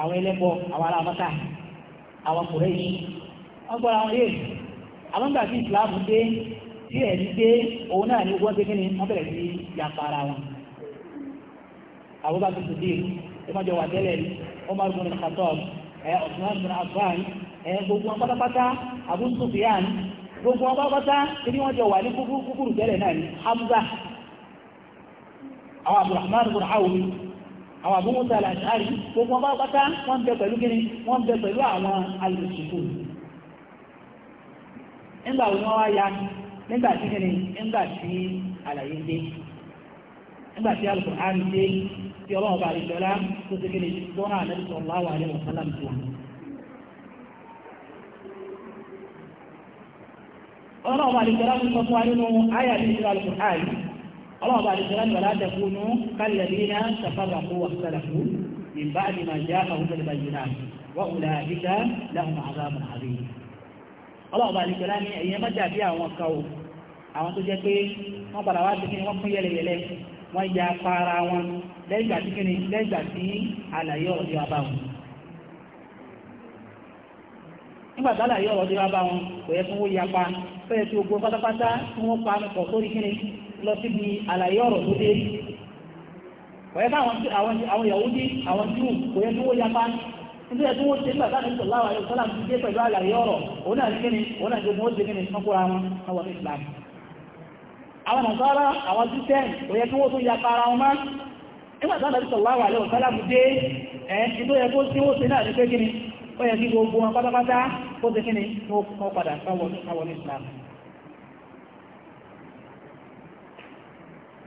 àwọn ẹlẹ́bọ àwọn ará mọ́ta àwọn kùrẹ́ yìí wọ́n gbọ́ra wọn yìí àwọn gbà tí ìsìláàmù dé tí ẹ̀rí dé òun náà ní wọ́n gbẹ́gbẹ́ ni wọ́n bẹ̀rẹ̀ sí ya para wọn àbúbá tó ti dé ìmọ̀jọ wà tẹ́lẹ̀ rí Umar ibn Khattab ẹ̀ Uthman ibn Affan ẹ̀ gbogbo wọn pátápátá Abu Sufyan gbogbo ọba pátá tí wọ́n jọ wà ní kúkúrú tẹ́lẹ̀ náà ni Hamza àwọn Abdurrahman bin Awf àwọn Abu Musa al-Ash'ari gbogbo ọba pátá wọ́n ń bẹ pẹ̀lú gíní wọ́n ń bẹ pẹ̀lú àwọn alùsùkú nígbà wo ni wọ́n wá ya nígbà tí gíní nígbà tí àlàyé dé nígbà tí ọlọ́run bá lè jẹ́ láti sọ fún wa nínú àyà ní ìṣúra lùkù àyè ọlọ́run bá lè jẹ́ láti wàlá dẹ̀kú nú kálẹ̀ ní iná sàfàrà kó wà sàlàkú ìbá ni màá jẹ́ àwọn òṣèlú bá yìí náà wọ́n kò lè àdíkà láwọn àgbà wọn kò yẹ fún ó yapa fẹ́ẹ̀ tí ogun pátápátá tí wọ́n pa ọkọ̀ sórí kíni lọ síbi àlàyé ọ̀rọ̀ tó dé rí ọ̀yẹ́ bá àwọn Yahudi àwọn Júù kò yẹ kí wọ́n yapa nítorí ẹ̀ tí wọ́n ṣe nígbà táwọn ìṣòlá àwọn ìṣòlá ti dé pẹ̀lú àlàyé ọ̀rọ̀ òun náà kíni òun náà jogun ó ṣe kíni sọ́kúra wọn lọ́wọ́ Islam àwọn nàìjíríà àwọn Christian kò yẹ kí wọ́n tún yapa ara wọn má nígbà táwọn ìṣòlá àwọn ìṣòlá ti dé ẹ̀ ìtó yẹ kó tí wọ́n ṣe náà ní pé kíni ó yẹ kí gbogbo wọn pátápátá ó ṣe kíni ó padà sáwọ́ Islam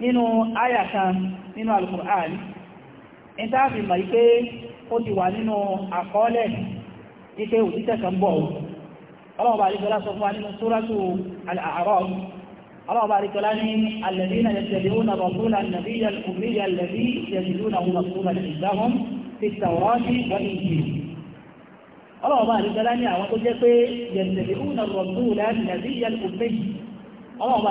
nínú àyà kan nínú alukur'an ìtààfin ma ipé ó ti wà nínú àkọọ́lẹ̀ ipé òtítẹ̀ kan bọ̀ ọlọ́ọ̀bà àríkọlá sọ fún wa nínú súrátù al-A'raf ọlọ́ọ̀bà àríkọlá ní alladhina yattabi'una rasulan nabiyya al-ummiyya alladhi yajidunahu maktuban indahum fit-tawrati wal-injil ọlọ́ọ̀bá àríkẹ́lá ní àwọn tó jẹ́ pé yẹ̀tẹ̀lẹ̀ òun rọ̀dúnlẹ̀ nàbí yẹ̀lùmí ọlọ́ọ̀bá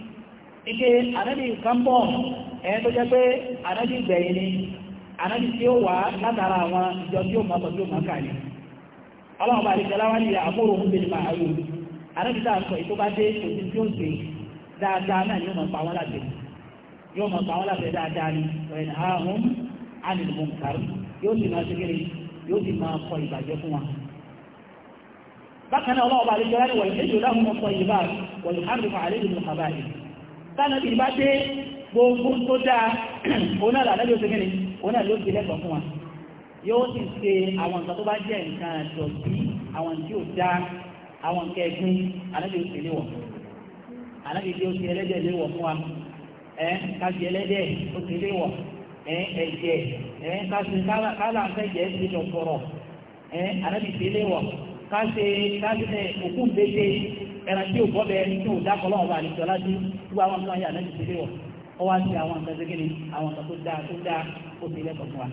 ike ànábì kan bọ̀ ẹ̀ tó jẹ́ pé gbẹ̀yìn ni wà látara àwọn ìjọ tí ó mọ́tọ̀ tí ó bá àmúrò bèèrè máa sọ bá dé tí ó dáadáa náà yóò mọ̀ pa wọ́n láti yóò mọ̀ pa wọ́n láti dáadáa ni yóò sì máa yóò sì máa kọ ìbàjẹ́ fún bákan náà bá tánàbí bá dé gbogbo tó dáa òun náà lànàbí oṣù gẹ́ni òun náà ló gbé lẹ́kọ̀ọ́ fún wa yóò sì ṣe àwọn nǹkan tó bá jẹ́ nǹkan àjọ̀bí àwọn tí ò dáa àwọn nǹkan ẹ̀gbin ànàbí oṣù léwọ̀ ànàbí tí ó ti ẹlẹ́dẹ̀ léwọ̀ fún wa ẹ̀ kájí ẹlẹ́dẹ̀ ó ti léwọ̀ ẹ̀ ẹ̀jẹ̀ ẹ̀ kájí kálà ń fẹ́jẹ̀ sí lọ́kọ̀rọ̀ ẹ̀ ànàbí ti léwọ̀ kájí òkú ń ẹran tí ò bọ́ bẹ ẹni tí ò dákọ̀ lọ́wọ́ bá àlejò lájú gbogbo àwọn nǹkan yà lẹ́yìn ti léwọ̀ ọ wá sí àwọn nǹkan ṣẹ́gi ni àwọn nǹkan tó dáa tó dáa ó ti lẹ́kọ̀ọ́ fún wa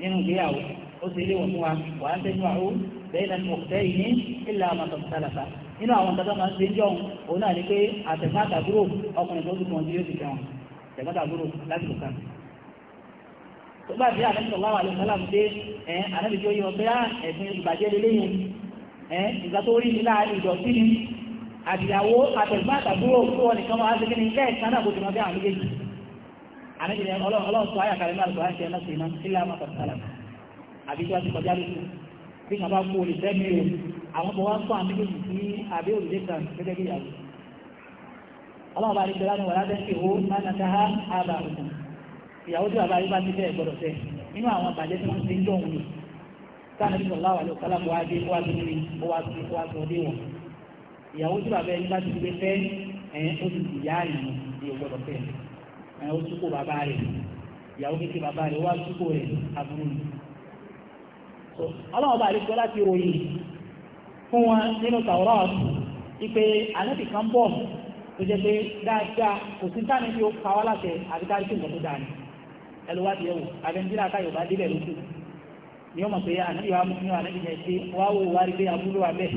nínú ìgbéyàwó ó ti léwọ̀ fún wa wà á ń tẹ́jú àrò bẹ́ẹ̀ lẹ́nu ọ̀fẹ́ yìí ilà àmọ̀tọ̀ sálàfà nínú àwọn nǹkan tó máa ń ṣe ń jọ òun náà ni pé àtẹ̀fà àtàbúrò ọkùnrin tó dùn kan tí yóò ti jẹun àtẹ̀fà àtàbúrò ìgbà tó rí ní láàárín ìdọ̀tí ni àtìyàwó àtẹ̀gbọ́n àtàbúrò fún nìkan máa ń segin lẹ́ẹ̀kan náà kò jùmọ̀ bí àwọn méjèèjì àmẹ́jìnlẹ̀ ọlọ́run náà lọ́wọ́ ẹ̀nà sínú àbí tí wọ́n ti kọjá lóṣù bí wọ́n bá kú olùfẹ́ mi o àwọn ọmọ wa kọ́ sí àbí olùdé kan gẹ́gẹ́ bí ìyàwó ọlọ́run bá rí pé ha bẹ́ẹ̀ gbọ́dọ̀ fẹ́ na ìyàwó tí bàbá ẹni bá ti fi fẹ́ ẹ̀yìn ó ti dìyà ìlú ní ọgbọ́dọ̀ fẹ́ ẹ̀yìn ó túkò bàbá rẹ̀ ìyàwó kékeré bàbá rẹ̀ wá túkò rẹ̀ aburú ni. ọlọ́run bá rí sọ láti ròyìn fún wọn nínú tàwọ́rọ́ ipe àlẹ́bì kan bọ̀ tó jẹ́ pé dáadáa kò sí táni tí ó pa wá láṣẹ àti kárí sí nǹkan tó dáa ni ẹlò wá ti yẹ̀wò abẹ́ndínlá káyọ̀ bá débẹ̀ lókù ni ó mọ̀ pé ànábì wa mú nínú ànábì yẹn ṣe wá wò wá rí pé abúlé wa bẹ́ẹ̀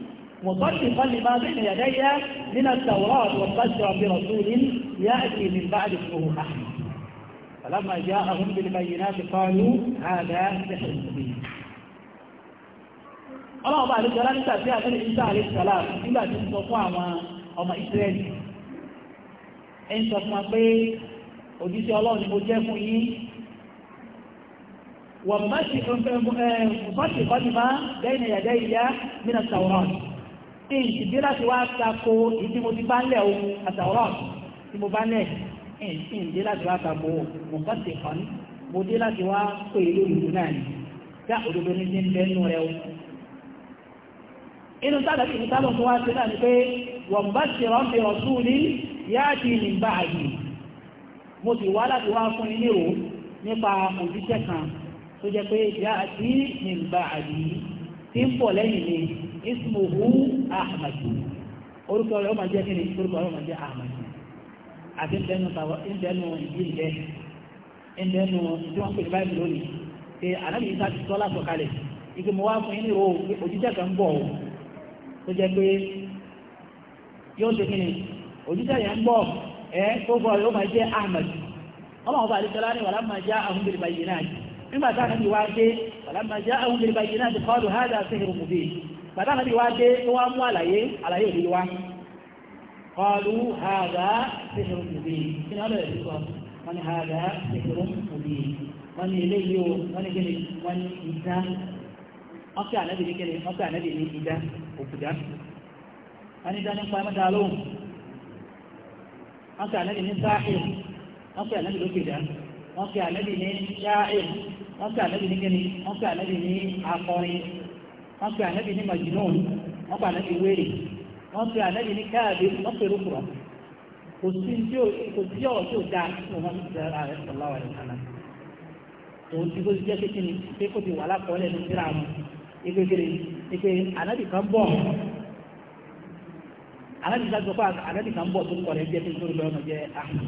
مصدقا لما بين يدي من التوراة ومبشرا برسول يأتي من بعد اسمه أحمد فلما جاءهم بالبينات قالوا هذا سحر مبين ọlọ́run bá àlejò aláṣà sí àtẹ́lẹ̀ ìṣà àlejòlá nígbà tí ń sọ fún àwọn ọmọ ìsírẹ́lì ẹ ń sọ fún wa pé òjíṣẹ́ ọlọ́run ni mo jẹ́ fún yín wọ̀n bá ṣe fọ́ṣẹ̀ kọ́ni máa lẹ́yìn ẹ̀yàdẹ́ ìyá mínà tàwọn ọ̀rọ̀ ìṣìdí láti wá tako ìdí mo ti bá ń lẹ̀ o àtàwọ̀rọ̀ tí mo bá lẹ̀ ìṣìdí láti wá tako nǹkan ti kàn ní mo dé láti wá pé ìlú ìlú náà ni já òdodo ní ti ń bẹ́ nù rẹ o. inú sábà tí ìsábà tó wá sí náà ni pé wọ́n bá ti rán bí ọ̀sùn ní yáàdì ní bá àyè mo sì wá láti wá fún yín nírò nípa òjíṣẹ́ kan tó jẹ́ pé yáàdì ní bá àyè tí ń bọ̀ lẹ́yìn ni ismuhu ahmad orúkọ rẹ̀ ó kí ni orúkọ rẹ̀ ó máa àti ìdẹnu tàwọn ìdẹnu báyìí lónìí ti sọ ike mo wá fún yín ní òjíṣẹ́ kan o tó jẹ́ pé yóò ṣe kí ni òjíṣẹ́ yẹn ń bọ̀ ẹ́ tó bọ̀ rẹ̀ ọmọ ọba ni nígbà táwọn ibi wá dé ọ̀làmà jẹ́ àwọn obìnrin bá ìjìnà àdìkọ́lù hádà síhìrì mùbí bàtà náà bí wá dé tó wá mú àlàyé àlàyé òbí wá kọlu hádà síhìrì mùbí kí ni ọlọ́yẹ̀ sísọ wọ́n ni hádà síhìrì mùbí wọ́n ni ilé yìí o wọ́n ni gẹ́lẹ̀ wọ́n wọ́n fi ànábì ní ṣááìm wọ́n fi ànábì ní kíni wọ́n fi ànábì ní akọrin wọ́n fi ní wọ́n fi wọ́n fi ní káàdì wọ́n fi rúkúrọ̀ kò sí tí kò sí tí dáa tí wọ́n fi sọ̀lá wà òun ti kó pé ti wà lákọọ́lẹ̀ ní síra wọn ipe kiri ipe kan bọ̀ ànábì kan bọ̀ tó kọ̀ lẹ́jẹ́ tó ń tó lọ́nà jẹ́ àhùn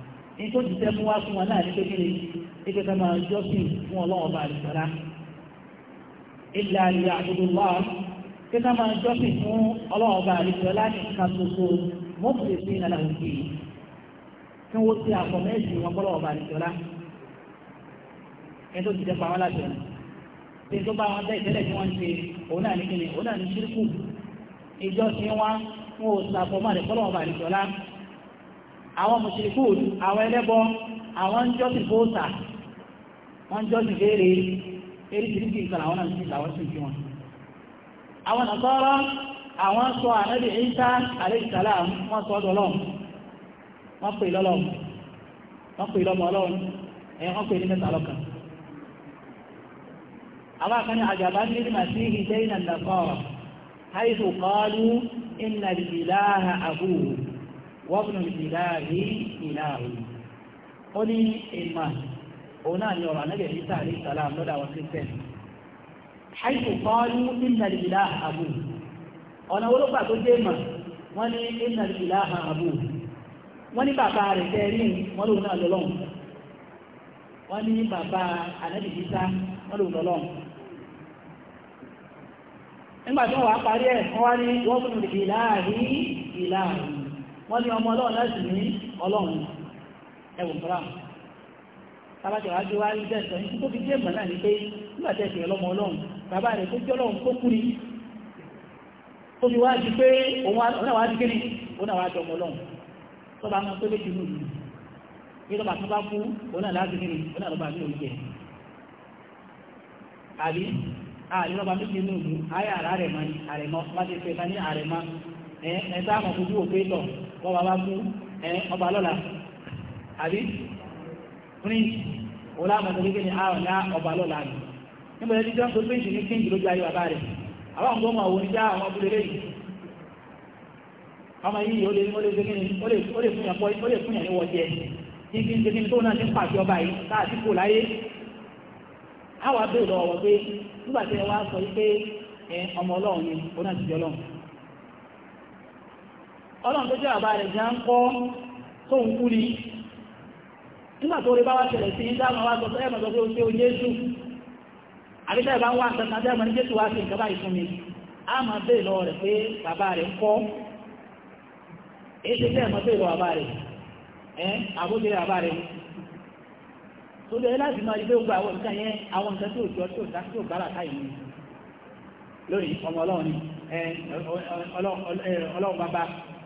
ní tó ti tẹ́ mú wá fún wọn náà ní pé kíni ní pé ká máa jọ́sìn fún ọlọ́wọ́ bá àdìsára ilẹ̀ àríyá àdúgbò wá pé ká máa jọ́sìn fún ọlọ́wọ́ bá àdìsára ní ká gbogbo mọ́tòlè sí ìlànà òkè kí wọ́n ti àpọ̀ mẹ́sì wọn bọ́lọ́wọ́ bá àdìsára ẹni tó ti tẹ́ pa wọn láti ọ̀nà tó bá wọn bẹ́ tí wọ́n ń òun náà ní kíni òun náà ní ṣírkù ìjọ́sìn wọn wọn ò sàpọ̀ mọ́ àdìsọ́lọ́wọ́ bá àdìsára àwọn mùsùlùkù àwọn ẹlẹ́bọ àwọn jọ́sìn fóòsà wọ́n jọ́sìn léèrè eréjìríjì nǹkan àwọn náà sí làwọn àwọn nàtọ́rọ́ àwọn sọ ànábì Ìsá àlẹ́ìsàlá wọ́n sọ ọdọ̀ ọlọ́run wọ́n pè lọ́lọ́run wọ́n pè lọ́mọ wọ́n ní ìlàrí ìlàrí ó ní ìmà òun náà ni ọ̀rọ̀ anẹ́gẹ̀ ní sàárè ìsàlá lọ́dà wọn sí tẹ́lẹ̀ àìsù kọ́ọ́lù ìnàlì ìlà àbù ọ̀nà olóògbà tó dé mà wọ́n ní ìnàlì ìlà àbù wọ́n ní bàbá rẹ̀ tẹ́rí wọ́n lòun náà lọ́lọ́run wọ́n ní bàbá anẹ́gẹ̀ ní wọ́n lòun lọ́lọ́run nígbà wọ́n wá parí ẹ̀ wọ́n ní wọ́n fún ìlàrí ìlàrí wọ́n ní ọmọ ọlọ́run láti ní ọlọ́run ẹwùn brown tàbátẹ̀ wá gbé wá rí bẹ́ẹ̀sọ̀ ní tó fi jẹ́ ìgbà náà ní pé nígbàtẹ̀ ìfẹ́ ọlọ́mọ ọlọ́run bàbá rẹ̀ tó jẹ́ ọlọ́run tó kúrí tó fi wá di pé òun náà wá di kéde òun náà wá jọ ọmọ ọlọ́run tó bá mọ pé méjì nù yìí bí tó bá tó bá kú òun náà láti kéde òun náà lọ́ba mi ò jẹ àbí àbí lọ́ba méjì nù yìí ayé àrà rẹ̀ mọ́ àrẹ̀mọ́ má ti fẹ́ ta ní àrẹ̀mọ́ ẹ̀ ẹ̀ bọ́ba bá kú ẹ ọba lọ́la àbí prince ọlá àmọ̀tẹ́lẹ́gbẹ̀ ni a ọ̀la ọba lọ́la ni nígbà tí jọ́n tó prince ní king ló jayé bàbá rẹ̀ àwọn ọmọ ọmọ òun já àwọn abúlé lẹ́yìn ọmọ yìí ó lè ó lè gbẹ́gbẹ́ ó lè fún yàn pọ́ ó lè fún yàn ní wọ́n jẹ kí kí n gbẹ́gbẹ́ tó náà ti ń pàṣẹ ọba yìí láti kò láyé àwọn abẹ́rẹ́ lọ́wọ́ pé nígbà tí ẹ wá sọ pé ọmọ ọlọ́run ni ó náà ti jọ ọlọ́run ọlọ́run tó jẹ́ àbá rẹ̀ já ń kọ́ tó ń kú ni nígbà tó rí bá wá ṣẹlẹ̀ sí dáàmà wá sọ pé ẹ̀mọ̀ sọ pé o ṣe o jésù àbíkẹ́ ìbá ń wá nǹkan kan dẹ́mọ̀ ní jésù wá sí nǹkan báyìí fún mi a máa bèèrè lọ rẹ̀ pé bàbá rẹ̀ ń kọ́ èsì tẹ́ mọ̀ bèèrè bàbá rẹ̀ ẹ́ àbójẹ́ bàbá rẹ̀ tó lè láti máa ilé ogun àwọn nǹkan yẹn àwọn nǹkan tí ò jọ tí ò dá tí ò bára káyìí ni lórí ọmọ ọlọ́run ni ọlọ́run bàbá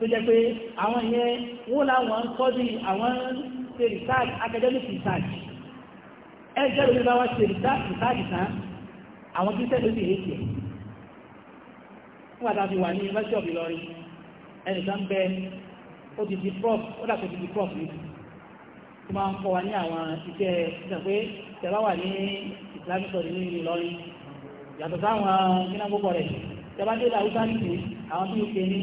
tó jẹ́ pé àwọn ìyẹn wọ́n láwọn ń kọ́ bí àwọn ṣe research academic research ẹ jẹ́ lórí bá wá ṣe research tán àwọn tí sẹ́lẹ̀ sì èsì ẹ̀ fún àtàfi wà ní University of Ìlọrin ẹnìkan bẹ ó ti di prof ó dàpọ̀ ti di prof yìí tó máa ń kọ́ wa ní àwọn iṣẹ́ ìṣàpé tẹ̀lá wà ní Islamic study ní Ìlọrin yàtọ̀ sáwọn gínágbógbò rẹ̀ tẹ̀lá dé ìlà Hausa nìkú àwọn tó ń pè ní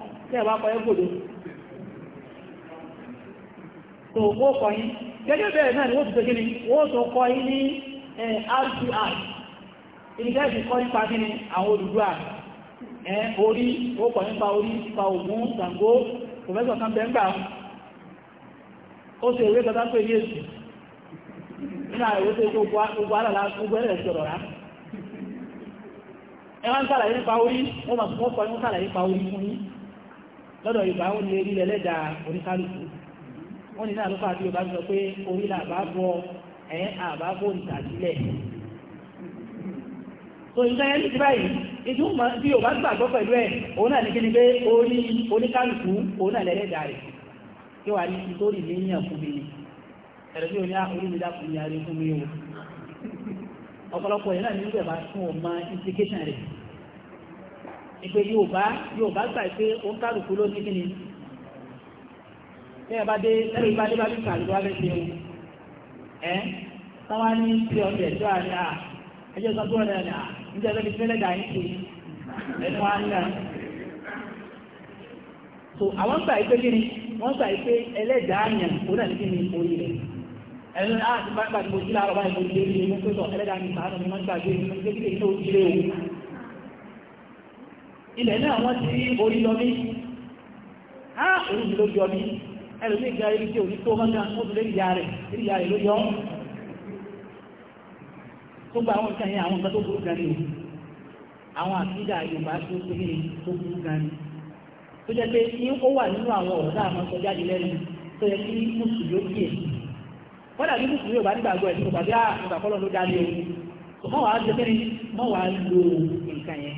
tí ẹ bá kọ ẹ́gbòdó tó ó kọ yí gẹ́gẹ́ bẹ̀rẹ̀ náà ni wọ́n ti tẹ́gí ni wọ́n tó kọ yí ní rti ìrìnlẹ́sì kọ́ nípa gíní àwọn olùdúwà orí ó kọ nípa orí nípa ògún Ṣàngó pòfẹ́sọ̀ kan bẹ́ ń gbà ó ṣe ìwé kọta pé ní èsì nínú àwọn ìwé tó gbogbo alàlá gbogbo ẹ̀rẹ̀ sọ̀rọ̀ rá ẹ wá ń sàlàyé nípa orí wọ́n mọ̀ sí wọ́n kọ ní wọ́n orí fún yín lọ́dọ̀ yorùbá ó lè rí lẹ́lẹ́dà oníkálùkù wọ́n ní náà ló fàá bí sọ pé orí là ẹ̀ àbá bò sílẹ̀ so nǹkan yẹn ti báyìí ìdí ó bí yorùbá gbàgbọ́ pẹ̀lú ẹ̀ òun náà ní kí ni pé orí oníkálùkù òun náà lẹ́lẹ́dà rẹ̀ kí wàá ní ìtòrí mi yàn fún mi ẹ̀rọ bí oní orí ìpè Yorùbá Yorùbá gbà pé ó ń kálukú ló ní kí ni bẹ́ẹ̀ bá dé lẹ́yìn bá dé bá dùn kálukú wá fẹ́ ṣe o ẹ́ táwọn ah, ah, á ní ti ọ̀dẹ̀ tó à ní à ẹjọ́ sọ pé ọ̀dẹ̀ àná níjẹ́ ẹgbẹ́ ti fẹ́lẹ́ dà ní ẹnu á ń nà. so àwọn gbà pé kí ni wọ́n gbà pé ẹlẹ́dàá yẹn kó dà kí ni orí rẹ̀ ẹnu á ah, ti bá gbàgbọ́ sí láàrọ̀ báyìí mo ti lé ní ẹgbẹ́ tó sọ ẹlẹ́dàá mi sàánù mi wọ́n gbàgbé mi mo ti lé ilẹ̀ náà wọ́n ti rí orí lọ mí á orí mi ló yọ mí ẹlòmí ìgbà ibi tí òní tó mọ́ta ó ti lé ìyá rẹ̀ ìrí ìyá rẹ̀ ló yọ tó gba àwọn nǹkan yẹn àwọn nǹkan tó burú gan ni àwọn àfídà Yorùbá tó tó ní tó burú gan ni tó jẹ́ pé ní ó wà nínú àwọn ọ̀rọ̀ tá a máa sọ jáde lẹ́nu tó yẹ kí mùsùlùmí ó kíyè wọ́n dàbí mùsùlùmí ò bá nígbàgbọ́ ẹ̀ nígbàgbọ́ ah, bí àgbàkọ́lọ́ ló dá lé o mọ́ wàá jẹ́ kẹ́ni mọ́ wàá lo nǹkan yẹn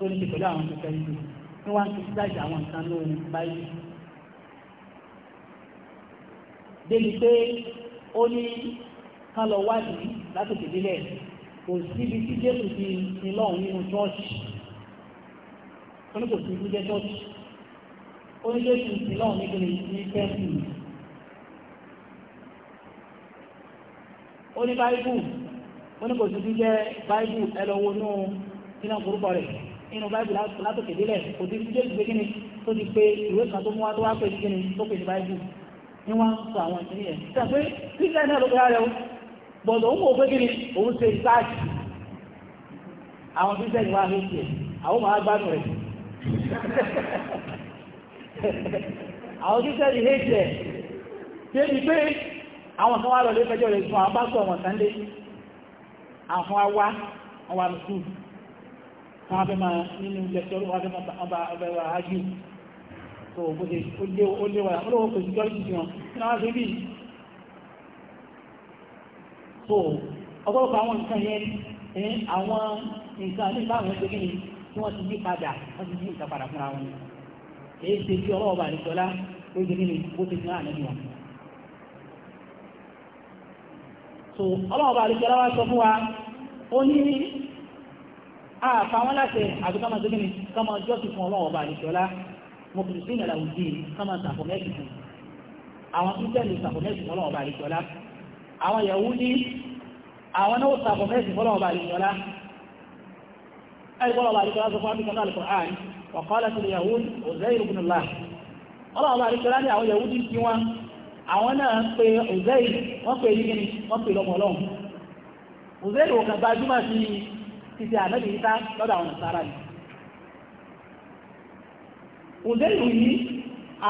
tó ní ṣe pẹ̀lú àwọn tó fẹ́ jù ní wọ́n ti dájú àwọn nǹkan ló ń báyìí. débi pé ó ní ká lọ wádìí látòkè délẹ̀ kò síbi tí jésù ti ti lọ́hùn nínú chọ́ọ̀chì ó ní kò sí ibi jẹ́ chọ́ọ̀chì ó ní jésù ti lọ́hùn níbi ní tẹ́sì ó ní báíbù ó ní kò sí ibi jẹ́ báíbù ẹ lọ wo nú sínú àkórúkọ rẹ̀ inú báyìí látòkè délẹ̀ kò ti jẹ́ ìgbé kíni tó ti pé ìwé kan tó mú wá tó wá pé kíni tó pè ní báyìí ní wọ́n sọ àwọn ìsinmi ẹ̀ tàbí kíkẹ́ náà ló pé ara ẹ̀ bọ̀dọ̀ òun ò pé kíni òun ṣe ìsáàjì àwọn kíkẹ́ ìwà rẹ̀ tiẹ̀ àwọn máa gbádùn rẹ̀ àwọn kíkẹ́ ìhé tiẹ̀ débi pé àwọn kan wá lọ lé fẹjọ́ rẹ̀ fún àwọn bá sọ wọn sànlé àwọn wá wá wọn wá wọ́n fẹ́ máa nínú lẹ́tọ́rù wọ́n fẹ́ máa ọba ọba ájú tó bóde ó léwà olówó kò sí jọ́rí jùlọ ní so ọgọ́rùpọ̀ àwọn nǹkan yẹn ní àwọn nǹkan ní ìbáwọn ṣe gíní tí wọ́n ti yí padà wọ́n ti yí ìta padà fúnra wọn èyí ṣe kí so ọlọ́wọ́ bá nìjọlá wá sọ fún wa ó ní àpá wọn láti àti ká máa dókínì ká máa jọ́sì fún ọlọ́run ọba àdìsọ́lá mo kìí sí ìnàlà òdì ká máa sàfọ̀mẹ́sì fún àwọn kírísítẹ́nì sàfọ̀mẹ́sì fún ọlọ́run ọba àdìsọ́lá àwọn Yahudi àwọn náà sàfọ̀mẹ́sì fún ọlọ́run ọba àdìsọ́lá ẹgbọ́n ọba àdìsọ́lá sọ fún áfíkà náà Al-Qur'an wa qalat al-yahud ọlọ́run ọba àdìsọ́lá ní títí ànábì ìta lọ́dọ̀ àwọn ìsára ni òdé ìlú yìí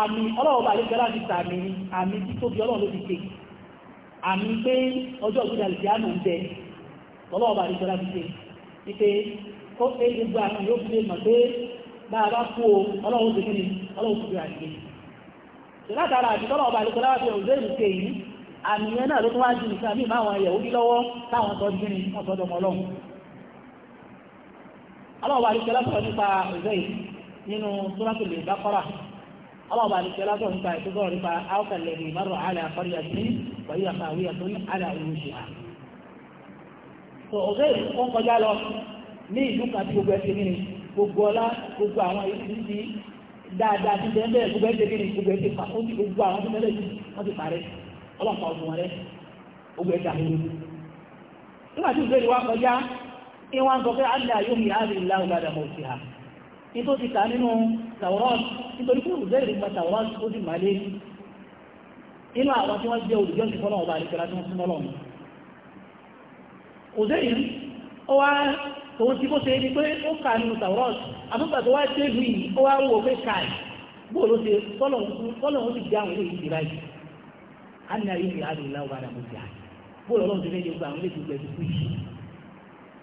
àmì ọlọ́wọ́ bá lẹ́gbẹ̀ẹ́ láti sàmì àmì títóbi ọlọ́wọ́ ló ti ké àmì pé ọjọ́ ògbìnà lè jáàmù ń bẹ lọ́wọ́ bá lẹ́gbẹ̀ẹ́ láti ké ní pé kó pé gbogbo àwọn yóò fi lè mọ̀ pé bá a bá kú o ọlọ́wọ́ ti kí ni ọlọ́wọ́ ti gbéra nìyẹn látara àti tọ́lọ́wọ́ bá lẹ́gbẹ̀ẹ́ láti òdé ìlú ké yìí àmì yẹn náà ló tún wá ju nǹkan mí máa wọn yẹ̀wò bí lọ́wọ́ táwọn tọ́jú ní ọ̀tọ́dọ̀mọ́ ọlọ́run aláwọ̀ àdìsẹ́ lásán nípa zayd nínú sọ́látò lè aláwọ̀ àdìsẹ́ lásán nípa nípa lè rọ̀ àlẹ́ àkọ́rí àti wàyí àwí àtọ́ ní àlẹ́ tó ó kọjá lọ ní ìlú kan tí gbogbo ẹsẹ̀ nínú gbogbo ọlá gbogbo àwọn ìdí dáadáa ti bẹ́ẹ̀ bẹ́ẹ̀ gbogbo ẹsẹ̀ nínú gbogbo ẹsẹ̀ pa ìwọ́n sọ pé alẹ́ àyóhì àrílá ìgbàdà mọ̀ sí ha ní tó ti kà nínú taurat nítorí pé òjò ìrìnmọ̀ taurat ó sì máa lé inú àwọn tí wọ́n jẹ́ olùjọ́ sí fọ́lọ̀ ọba àríkẹ́lá tí wọ́n fún mọ́lọ̀ mú ó wá tó wá dé bó ṣe fọ́lọ̀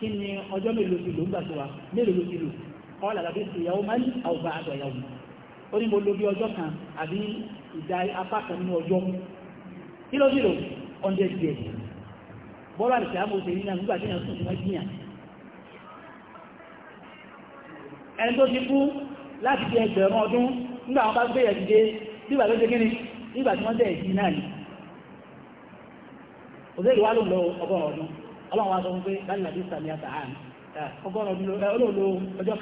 kí ni ọjọ́ mélòó ti lò ń gbà tó wa mélòó ló ti lò kọ́lá làbí ti yàwó máa ń àwùbá àgbà yàwó ó ní mo lo bí ọjọ́ kan àbí ìdá apá kan nínú ọjọ́ kí ló sì lò hundred bọ́lá àti àmọ́ òṣèré nínú àgbà tí sùn sí wọ́n jiyàn ẹni tó ti kú láti di ẹgbẹ̀rún ọdún nígbà wọn bá gbé yẹ̀ dìde nígbà tó ṣe kí ni nígbà tí wọ́n dẹ̀ yìí náà ni òṣèlú wa ló ń lọ ọgọ́rùn ọdún ọlọ́run wa sọ pé àtàhàn ọgọ́rọ̀ olóòlò ọjọ́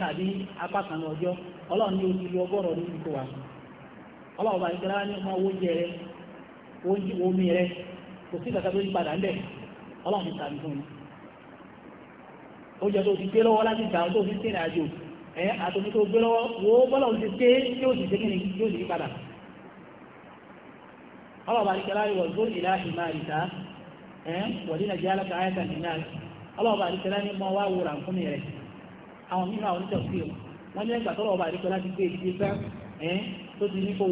apá kan ọjọ́ ọlọ́run ní oṣù ọgọ́rọ̀ ní wa ọlọ́run bá ní ọmọ rẹ omi rẹ kò sí yí padà ọlọ́run ní sàmì fún mi tó ti gbé lọ́wọ́ láti tó wo bọ́lọ̀ ti sì ṣe sì yí padà ọlọ́run bá wọ̀dínà jẹ́ alákà ayẹ́ta nìyàn ọlọ́ọ̀bà àríkẹ́lá ní mọ́ wá wúra fún mi rẹ̀ àwọn nínú àwọn onítọ̀sí wọ́n ní ẹgbà ti gbé ìdíje fẹ́ tó ti ní rẹ̀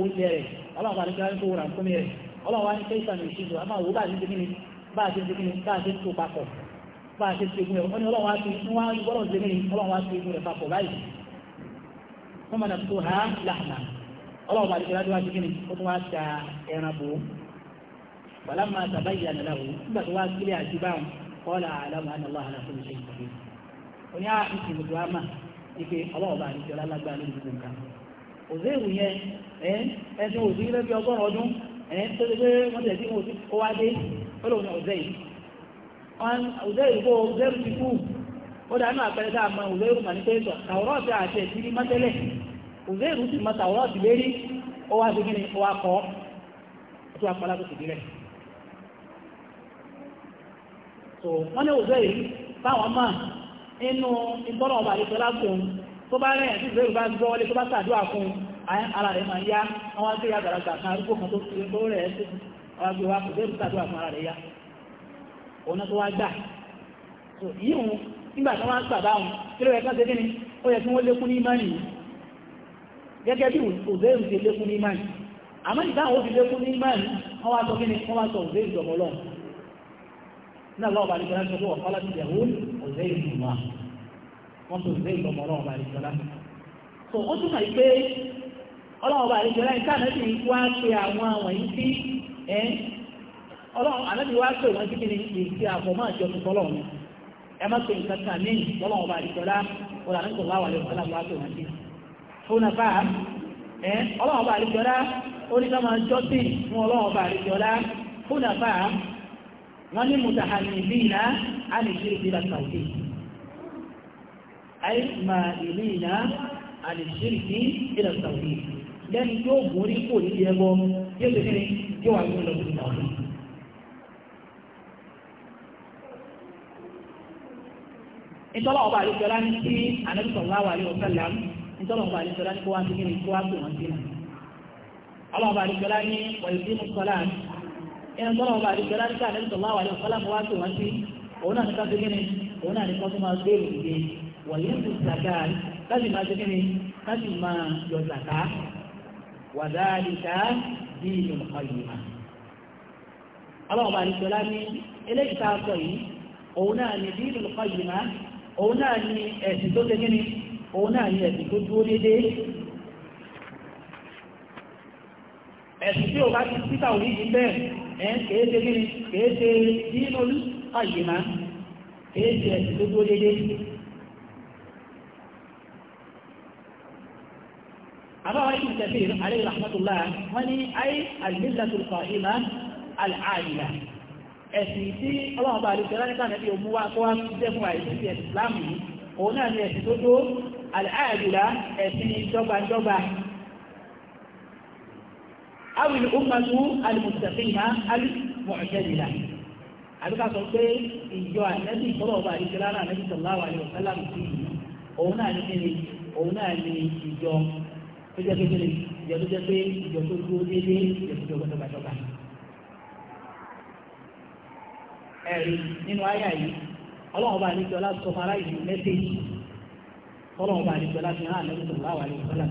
ọlọ́ọ̀bà ní fún mi rẹ̀ ní kẹ́sà ní wò bá ti ولما تبين له بس واسكلي عجبان قال أعلم أن الله على كل شيء قدير ala àìsí mùtúwámà ike ọlọ́ọ̀bá onye ọlá lágbàá lórí gbogbo nǹkan òzéèrú yẹn ti pé wọ́n tẹ̀ sí wọn òsì kó wá dé ó lòun ní òzéèrú wọn òzéèrú kó òzéèrú ti kú ó dánú a so wọ́n ní òṣèré yìí táwọn máa inú ìtọ́nà ọba àdìsọ́ lágbóhun tó bá rẹ̀ sí ìgbèrú bá gbọ́ wọlé tó bá sàdúrà fún ara rẹ̀ máa yá àwọn agbé ya gbàràgbà kan arúgbó kan tó fi gbó rẹ̀ sí agbé wa kò bẹ́rù sàdúrà fún ara rẹ̀ yá òun tó wá gbà so yíhun nígbà tí wọ́n gbà báhùn kí ló yẹ kán ṣe kí ni ó yẹ kí wọ́n lékún ní ìmánì gẹ́gẹ́ bí òzèrú ti lékún ní ìmánì àmọ́ ìdáhùn ó fi lékún ní ìmánì wọ́n wá sọ kí ni wọ́n wá sọ náà lọ́wọ́ bàálí gbọ́dá sọ pé wọ́n kọ́lá ti yẹ̀wò ọ̀zẹ́ ìlú wa wọ́n tó ìwé ìlú ọmọ ọlọ́wọ́ bàálí gbọ́dá. tó ó túmọ̀ yìí pé ọlọ́wọ́ bàálí gbọ́dá yìí káà nẹ́bí wá pé àwọn àwọn yìí sí ẹ́ ọlọ́wọ́ ànẹ́bí wá pé wọ́n ti kíni ìsì àfọ̀mọ́ àjọ tuntun ọlọ́run ẹ má pè nǹkan kan ní ọlọ́wọ́ bàálí gbọ́dá ọlọ́wọ́ ànẹ́bí wá wà wọ́n ní mùtàhàmìlìnà á lè ṣe ìbílà tàwí ayé màìlìnà á lè ṣe ìbílà tàwí lẹ́ni yóò borí kò ní ẹbọ yóò ṣe kí yóò wà ní ọlọ́dún tàwí. ìtọ́lọ̀ ọba àlejòlá ní kí anábìsọ̀láwà alẹ́ ọ̀sẹ̀lá ẹnu tọ́lá ọba àdìgbẹ́ láti ká àdìgbẹ́ tọ́lá wàlẹ́ ọ̀fọ́lá fún wa tó wá sí òun náà ní ká fi kíni òun náà ní ká tó máa gbé ìròyìn yìí wọ̀nyí ń tún zàkà láti máa ṣe kíni láti máa yọ zàkà wàdáàlìkà bí ìlùmọ̀ yìí mà. ọlọ́run ọba àdìgbẹ́ lá ní eléyìí tá a sọ yìí òun náà ní bí ìlùmọ̀ yìí mà òun náà ní ẹ̀sìn tó ṣe kíni òun náà ní ẹ̀sìn tó dúró déédéé ẹ̀sìn tí ò bá ti títà kèése gíní kèése dínú àyìnà kèése ẹ̀sìn tó dúró déédéé àbáwá ibn Kathir alayhi rahmatullah wọ́n ní ayé al-millatul qa'ima al-'adila ẹ̀sìn tí ọlọ́run bá àlùfẹ́ láti káàkiri wá kó wá jẹ́ fún àìsí aw al-ummatu al-mustaqima al-mu'tadila àbí ká sọ pé ìjọ ànẹ́bí sọ́rọ̀ ọba àdìsílá náà ànẹ́bí sallallahu alaihi wasallam sí yìí òun náà ní kíni òun náà ní ìjọ tó jẹ́ kékeré ìjọ tó jẹ́ pé ìjọ tó dúró déédéé ìjọ tó jẹ́ gbọ́dọ̀gbàdọ́gbà. ẹ̀rí nínú àyà yìí ọlọ́run ọba àdìsílá láti sọ fara ìlú mẹ́tẹ́ẹ̀jì ọlọ́run ọba àdìsílá fi hàn ànẹ́bí sallallahu alaihi wasallam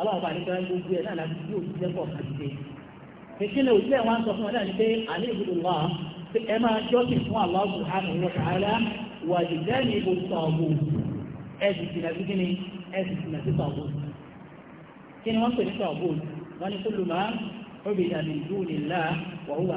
ọlọ́run bá nípa gbogbo ẹ̀ náà láti bí òṣìṣẹ́ pọ̀ kan ṣe ìṣẹ̀lẹ̀ òṣìṣẹ́ wọn sọ fún ọ náà ni pé àní ìbùdó wà pé ẹ máa jọ́sìn fún Allah subhanahu wa ta'ala wà ìjẹ́ ní ibò sọ̀gbù ẹ̀sì ìsìnà sí kíni ẹ̀sì ìsìnà sí sọ̀gbù kí ni wọ́n pè ní sọ̀gbù wọ́n ní kullu ma ubida min dunillah wa huwa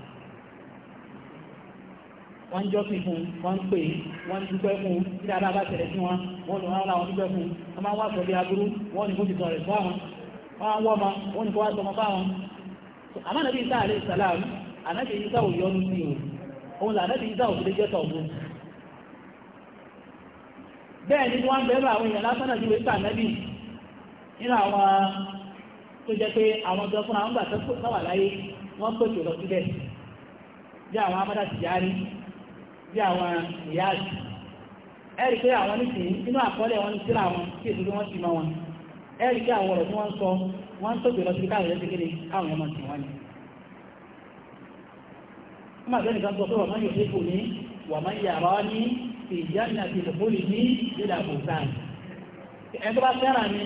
wọ́n jọ́sìn fún wọ́n pè wọ́n dúpẹ́ fún tí dáadáa bá tẹ̀lẹ̀ sí wọn wọ́n lọ rárá wọn dúpẹ́ fún wọ́n máa wá sọ bí aburú wọ́n ní kó ti sọ̀rọ̀ fún àwọn wọ́n wọ́n ma wọ́n ní kó wá sọmọ fáwọn àmọ́ nàbí isa àlẹ́ ìsàlám ànábì isa ò yọnu sí o òun là ànábì isa ò fi jẹ́ tọ̀gbù bẹ́ẹ̀ ni wọ́n bẹ̀rù àwọn èèyàn lásán náà ti wé sàn nàbì nínú àwọn tó jẹ́ pé àwọn jọ fún àwọn gbà tó wà láyé wọ́n pèsè lọ síbẹ̀ bí àwọn amádàtìjárí bí àwọn ìyáàjì ẹ̀rì pé àwọn nìsìn inú àkọọ́lẹ̀ wọn síra wọn kí èso tí wọ́n ti mọ wọn ẹ̀rì pé àwọn ọ̀rọ̀ tí wọ́n ń sọ wọ́n ń tóbi lọ sí káwọn ẹ̀rọ kékeré káwọn ọmọ tì wọ́n ni. wọ́n máa bẹ́ẹ̀ nìkan sọ pé wàmọ́ yóò dépò ní wàmọ́ yàrá ní ìjáde àti ìdòbólì ní ìdílé àbòsàn ẹni tó bá fẹ́ràn mi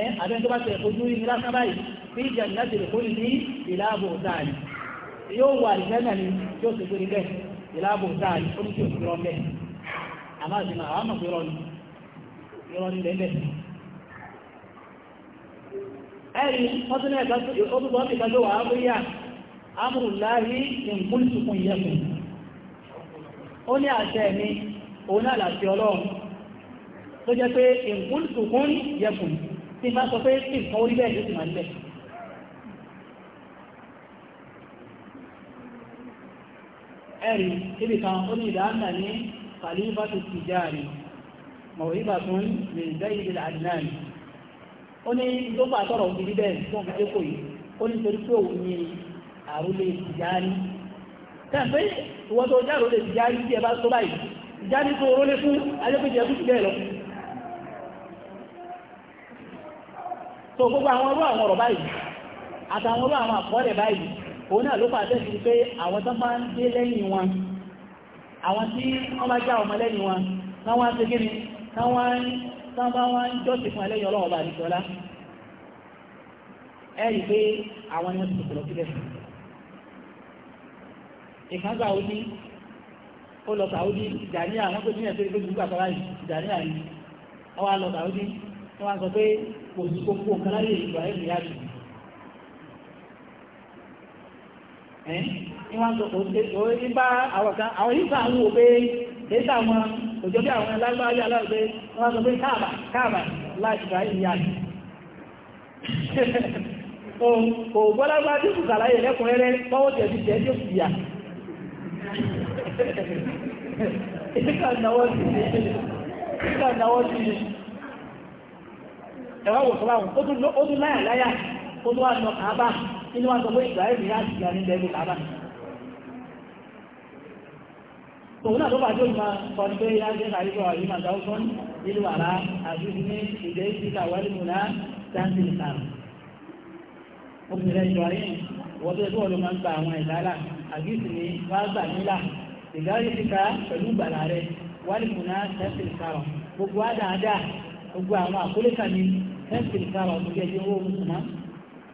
ẹ àbẹ́ tó wà ìfẹ́ náà yóò sì gbé ìlàbò táàrí ó ní kí òsì rọ bẹ́ẹ̀ àmọ́ àti máa wà mọ̀ pé rọ ni rọ ni lẹ́lẹ̀. ẹ̀rí wọ́n tún náà ó tún bọ́ nípa tó wà á bóyá amúrùláhí ní nkúlùsùkùn ìyẹ́kùn ó ní àṣẹ mi òun náà làṣẹ ọlọ́run tó jẹ́ pé nkúlùsùkùn ìyẹ́kùn tí bá sọ pé nǹkan orí bẹ́ẹ̀ ló ti máa ń bẹ́ẹ̀. ẹ̀rí ibi kan ó ní ìdáńdà ní kàlífàtù tìjáàrí mọ̀wíbà tún lè jẹ́ ibi àdínáà ó ní ló bá tọrọ ògiri bẹ́ẹ̀ tó ń fi dékò yìí ó ní torí pé òun ni àrólé tìjáàrí tẹ́ǹpé ìwọ́n tó jẹ́ àrólé tìjáàrí tí ẹ bá tó báyìí ìjáàrí tó rólé fún ajẹ́pẹ́jẹ́ fún bẹ́ẹ̀ lọ so gbogbo àwọn ọ̀rọ̀ báyìí àtàwọn ọ̀rọ̀ àwọn àkọọ́lẹ̀ báyìí òun náà ló pàṣẹ sí pé àwọn tó máa ń dé lẹ́yìn wọn àwọn tí wọ́n bá já ọmọ lẹ́yìn wọn tán wá ń ṣe gíní tán wá ń jọ́sìn fún ẹlẹ́yìn ọlọ́wọ́ bá àdìsọ́lá ẹ̀rí pé àwọn ni wọ́n ti sọ̀rọ̀ sílẹ̀ ìkánzà òní ó lọ sàúdí ìdàníà wọ́n pè ní ẹ̀sẹ̀ ìgbésù nígbà sọ́rọ̀ ìdàníà ni wọ́n wá lọ sàúdí wọ́n wá sọ pé kò sí gbogbo nǹkan láyé ìbá àwọn ìbá àwọn òbé èyíta àwọn òjò bí àwọn alágbárí aláàgbé wọ́n sọ pé káàbà káàbà láti ra ìyá rẹ̀ tí kù sàlàyé lẹ́kùnrẹ́rẹ́ pọ́wọ́ ó tún láyà láyà ó tún lọ kàábà inú wa sọ pé Ibrahim ní àti ìyá ní ìdẹ́gbò kábà òun náà tó bá jó ìmọ̀ sọ ní pé yá jẹ́ àríkọ̀ ìmọ̀ dáúsán nílùú àrá àti ní ìdẹ́ ìsìkà wẹ́lìmùnà dáńtì nìkan obìnrin Ibrahim wọ́n tó yẹ kí wọ́n ló máa ń gba àwọn ìdálà àgbìsì ni wọ́n á gbà nílà ìgbàlè síta pẹ̀lú ìgbàlà rẹ̀ wálìmùnà dáńtì nìkan gbogbo àdáadáa gbogbo àwọn àkólé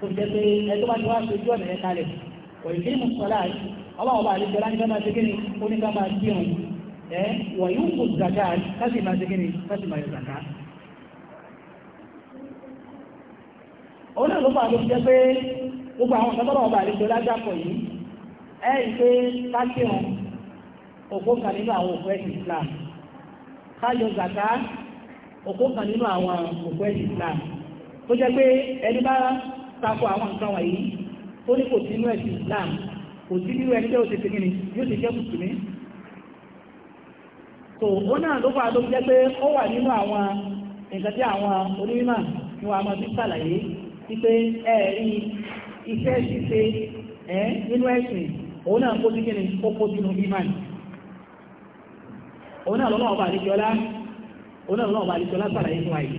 tó jẹ́ pé ẹjọ́ bá ti wá sojú ọ̀nà yẹn kalẹ̀ wọ̀nyí kí mo sọ láàyè ọlọ́wọ́ bá àlejò láti fẹ́ máa ṣe kíni ó ní ká máa bí òun ẹ wọ̀nyí ń kò zàkà káṣì máa ṣe kíni káṣì máa yọ zàkà. òun náà ló fà ló jẹ́ pé gbogbo àwọn ọ̀sán tọ́lọ́wọ́ bá àlejò lájàpọ̀ yìí ẹ rí pé káṣì òun òkú kan nínú àwọn òkú ẹ̀sìn Islam káyọ zàkà òkú kan nínú àwọn òkú ẹ̀sìn Islam tó jẹ́ pé ẹni bá tako àwọn nǹkan wọ̀nyí ó ní kò sí inú ẹ̀sìn Islam kò sí inú ẹni tẹ́ ò ti fi kíni yóò ti jẹ́ mùsùlùmí so ó náà ló fà ló jẹ́ pé ó wà nínú àwọn nǹkan tí àwọn onímọ̀ ni wọ́n a máa fi ṣàlàyé wípé ẹ̀rí iṣẹ́ ṣíṣe ẹ̀ nínú ẹ̀sìn òun náà kó sí kíni ó kó sínú imán òun náà lọ́nà ọba àdìjọ́lá òun náà lọ́nà ọba àdìjọ́lá ṣàlàyé fún wa yìí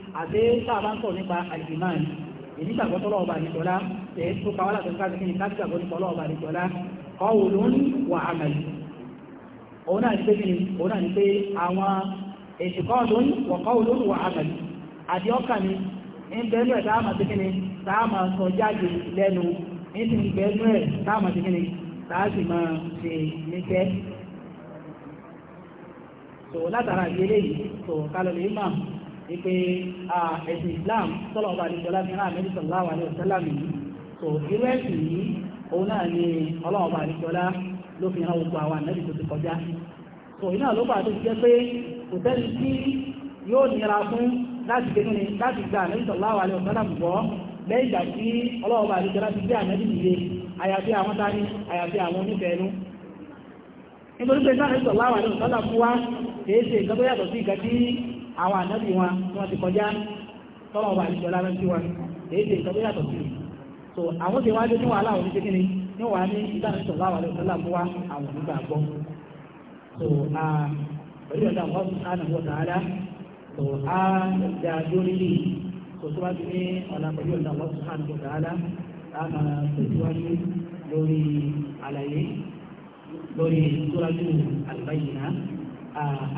àti sáàbá ń sọ̀rọ̀ nípa àìsìmáàni èyí gbàgbọ́ tọ́lọ́ ọba àdìjọ́lá tẹ̀ tó pa wá látọ̀ nípa kíni ká gbàgbọ́ nípa ọlọ́ ọba àdìjọ́lá kọ́wò ló ń wà àmàlì òun náà ní pé kíni òun náà ní pé àwọn èsì kọ́ ló ń wọ̀ kọ́wò so látara ìdílé yìí so kálọ̀ lè wípé ẹ̀sìn Islam sọ́lọ̀ ọba àdìsọ́lá fi rán àmẹ́lì sọ̀lá wà ní ọ̀sẹ́lá mi so irú ẹ̀sìn yìí òun náà ni ọlọ́run ọba àdìsọ́lá ló fi rán gbogbo àwọn àmẹ́lì tó ti kọjá so iná ló bá tó ti jẹ́ pé kò sẹ́ni tí yóò nira fún láti gbé nínú láti gba àmẹ́lì sọ̀lá wà ní ọ̀sẹ́lá mi bọ́ lẹ́yìn ìgbà tí ọlọ́run ọba àdìsọ́lá ti gbé àmẹ́lì nìyẹn àyàfi àwọn tani àyàfi àwọn onífẹ̀ẹ́nu nítorí pé sáà ní sọ̀lá wà ní ọ̀sẹ́lá fún wa kèé ṣe sí ìgbà tí àwọn ànábì wọn tí wọ́n ti kọjá tọ́lọ̀ wà ìjọ lára sí wọn èyí ti ìtọ́jú yàtọ̀ sí so àwọn ti wájú ní wàhálà òní ṣe kíni ní wàá ní ìdánisọ̀ láwà lọ sọ́lá mú wá àwọn onígbà gbọ́ so pẹ̀lú ọ̀dà wọn sùn sáà nàbọ̀ sàádà so a dá lórí lè so tó bá ti ní ọ̀nà pẹ̀lú ọ̀dà wọn sùn sáà nàbọ̀ sàádà a máa tẹ̀síwájú lórí àlàyé lórí ìtúrájú àlùbáyìí náà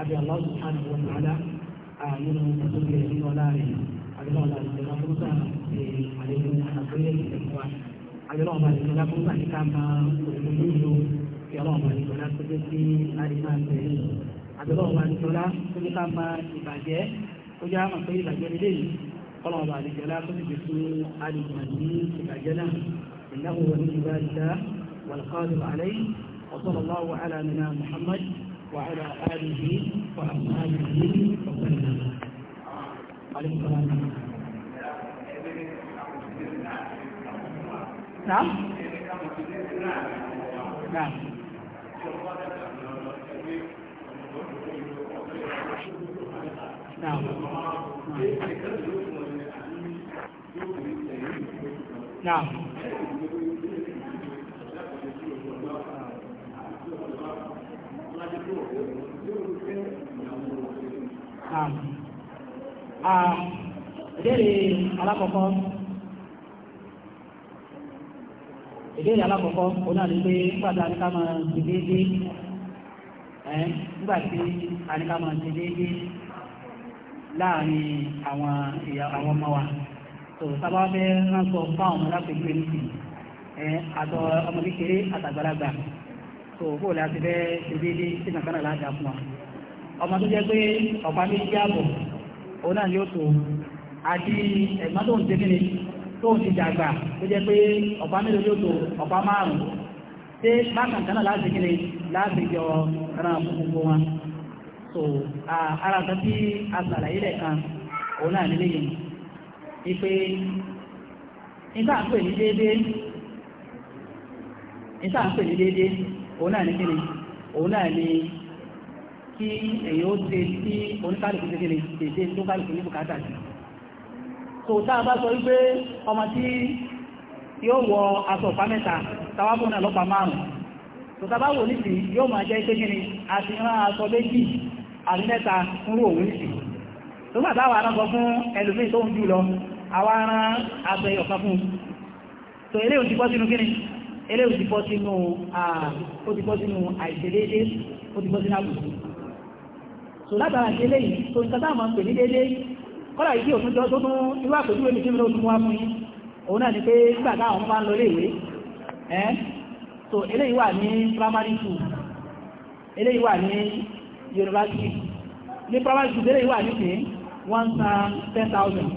àbí Allah subhanahu wa ta'ala nínú tó bí ẹni ọlá rẹ̀ àjọlọ́ ọ̀la ìjọba tó ń sà ṣe àlejò àgbélé ìṣẹ̀kọ́ wa àjọlọ́ ọ̀la ìjọba tó ń sà ní ká máa òun nílò kí ọlọ́ọ̀la ìjọba tó jẹ́ sí àdìmá tẹ̀lé àjọlọ́ ọ̀la ìjọba tó ní ká máa ìbàjẹ́ ó já àmọ̀ pé ìbàjẹ́ nílé yìí ọlọ́ọ̀la ìjọba tó ti fi fún àdìmá ní ìbàjẹ́ náà ìnáwó wọn ní ìbá والقادر عليه وصلى الله على نبينا محمد وعلى آله وأصحابه وسلم عليه الصلاة نعم نعم نعم نعم Ah, ìbéèrè alákọ̀ọ́kọ́ ìbéèrè alákọ̀ọ́kọ́ òun náà ní pé nígbà tí aníkà máa ti déédé ẹ̀ nígbà tí aníkà máa ti déédé láàrin àwọn ìyá àwọn ọmọ wa tó sábà fẹ́ ránṣọ fáwọn ọmọ láti gbé ní ìsìn ẹ̀ àtọ ọmọ kékeré àtàgbàlagbà tó kó o láti fẹ́ ti déédé sí kankan náà láti dà wa. ọmọ tó jẹ́ pé ọ̀pá méjì ààbọ̀ òun náà yóò tó àti ẹ̀gbọ́n tó ń ṣe tó ń tó jẹ́ pé ọ̀pá mélòó yóò tó ọ̀pá márùn-ún ṣé bákan náà láti kíni láti jọ ran gbogbo wọn so ara kan tí a ṣàlàyé rẹ̀ kan òun náà nílé yìí nígbà pè ní déédéé nígbà pè ní déédéé òun náà kí èyí ó ṣe tí oníkálùkù ṣe kéde ṣe tó kálùkù ní bùkátà sí so tá a bá sọ wípé ọmọ tí yóò wọ aṣọ ọ̀pá mẹ́ta tàwábọ̀ náà lọ́pàá márùn-ún so tá a bá wò ní sí yóò máa jẹ́ pé kíni àti rán aṣọ méjì àti mẹ́ta fún rò òun sí tó gbà táwà rán sọ fún ẹlòmíì tó ń jù lọ àwa rán aṣọ ọ̀kan fún so eléyìí ti bọ́ sínú kíni eléyìí ti bọ́ sínú àìṣedéédé ó ti bọ́ sínú àbùkù tó látara ṣe léyìn tó nǹkan tá àmọ́ ń pè ní dédé kọ́lá yìí kí òtún jọ tó tún irú àpèjúwe mi tí mi ló tún wá fún yín òun náà ni pé nígbà táwọn ọmọ bá ń lọ léèwé ẹ́ so eléyìí wà ní primary school eléyìí wà ní university ní primary school eléyìí wà ní pé one san ten thousand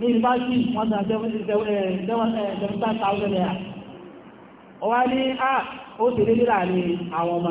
ní university one san seventy seven eh, eh, eh, thousand naira ọwá ní a ah, ó ṣe dédé láàrin àwọn ọmọ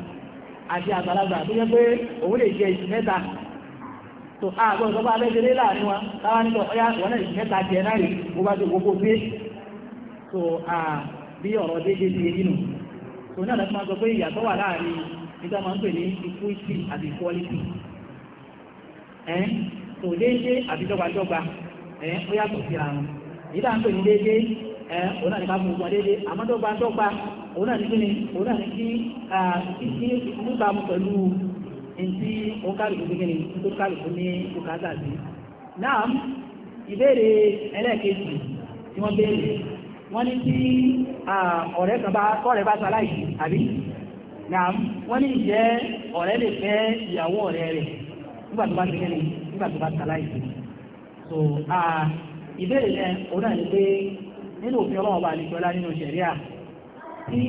àti àgbàlagbà tó jẹ́ pé òun lè jẹ ìsìn mẹ́ta tó àgbọ̀ ìsọ́bà abẹ́jẹlé láàrin wa táwọn nílò ọyá wọn náà ìsìn mẹ́ta jẹ náà rè bó bá ti gbogbo pé tó à bí ọ̀rọ̀ déédé ti yé nínú tó náà lọ́tí máa sọ pé ìyàtọ̀ wà láàrin nígbà máa ń pè ní equity àti equality ẹ̀ tó déédé àti dọ́gbadọ́gba ẹ̀ ó yàtọ̀ síra wọn ìdá ń pè ní déédé ẹ̀ òun náà ní ká fún un déédé àmọ́ dọ́gbadọ́gba òun náà ní kí ni òun náà ní kí kí níbàámu pẹ̀lú ntí òun kálukú ní kí ni tó kálukú ní bùkátà sí. náà ìbéèrè ẹlẹ́ẹ̀kejì tí wọ́n béèrè wọ́n ní tí ọ̀rẹ́ kan bá kọ́rẹ́ bá ṣaláìsí àbí náà wọ́n ní ìjẹ́ ọ̀rẹ́ lè fẹ́ ìyàwó ọ̀rẹ́ rẹ̀ nígbà tó bá ti kẹ́ni nígbà tó bá ṣaláìsí. so ìbéèrè yẹn òun náà ní pé nínú òfin ọlọ́wọ́ bá àlejò tí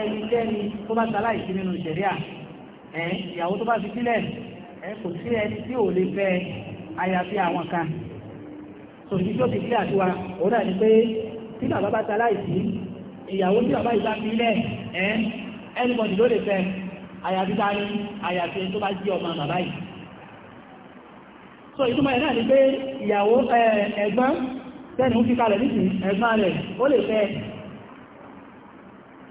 ẹnikẹ́ni tó bá ṣaláì sí nínú ìṣẹ̀ríà ẹ̀ ìyàwó tó bá fi sílẹ̀ ẹ̀ kò sí ẹni tí ò lè fẹ́ àyàfi àwọn kan so ní tó ti sílẹ̀ àtiwa òun náà ni pé tí bàbá bá ṣaláì sí ìyàwó tí bàbá ìbá fi lẹ̀ ẹ̀ ẹnìbọ̀dì ló lè fẹ́ àyàfi bá ní àyàfi tó bá jí ọmọ bàbá yìí so ìtumọ̀ ẹ̀ náà ni pé ìyàwó ẹ̀gbọ́n tẹ́ni ń fi kalẹ̀ nísìnyí ẹ̀gbọ́n rẹ̀ ó lè fẹ́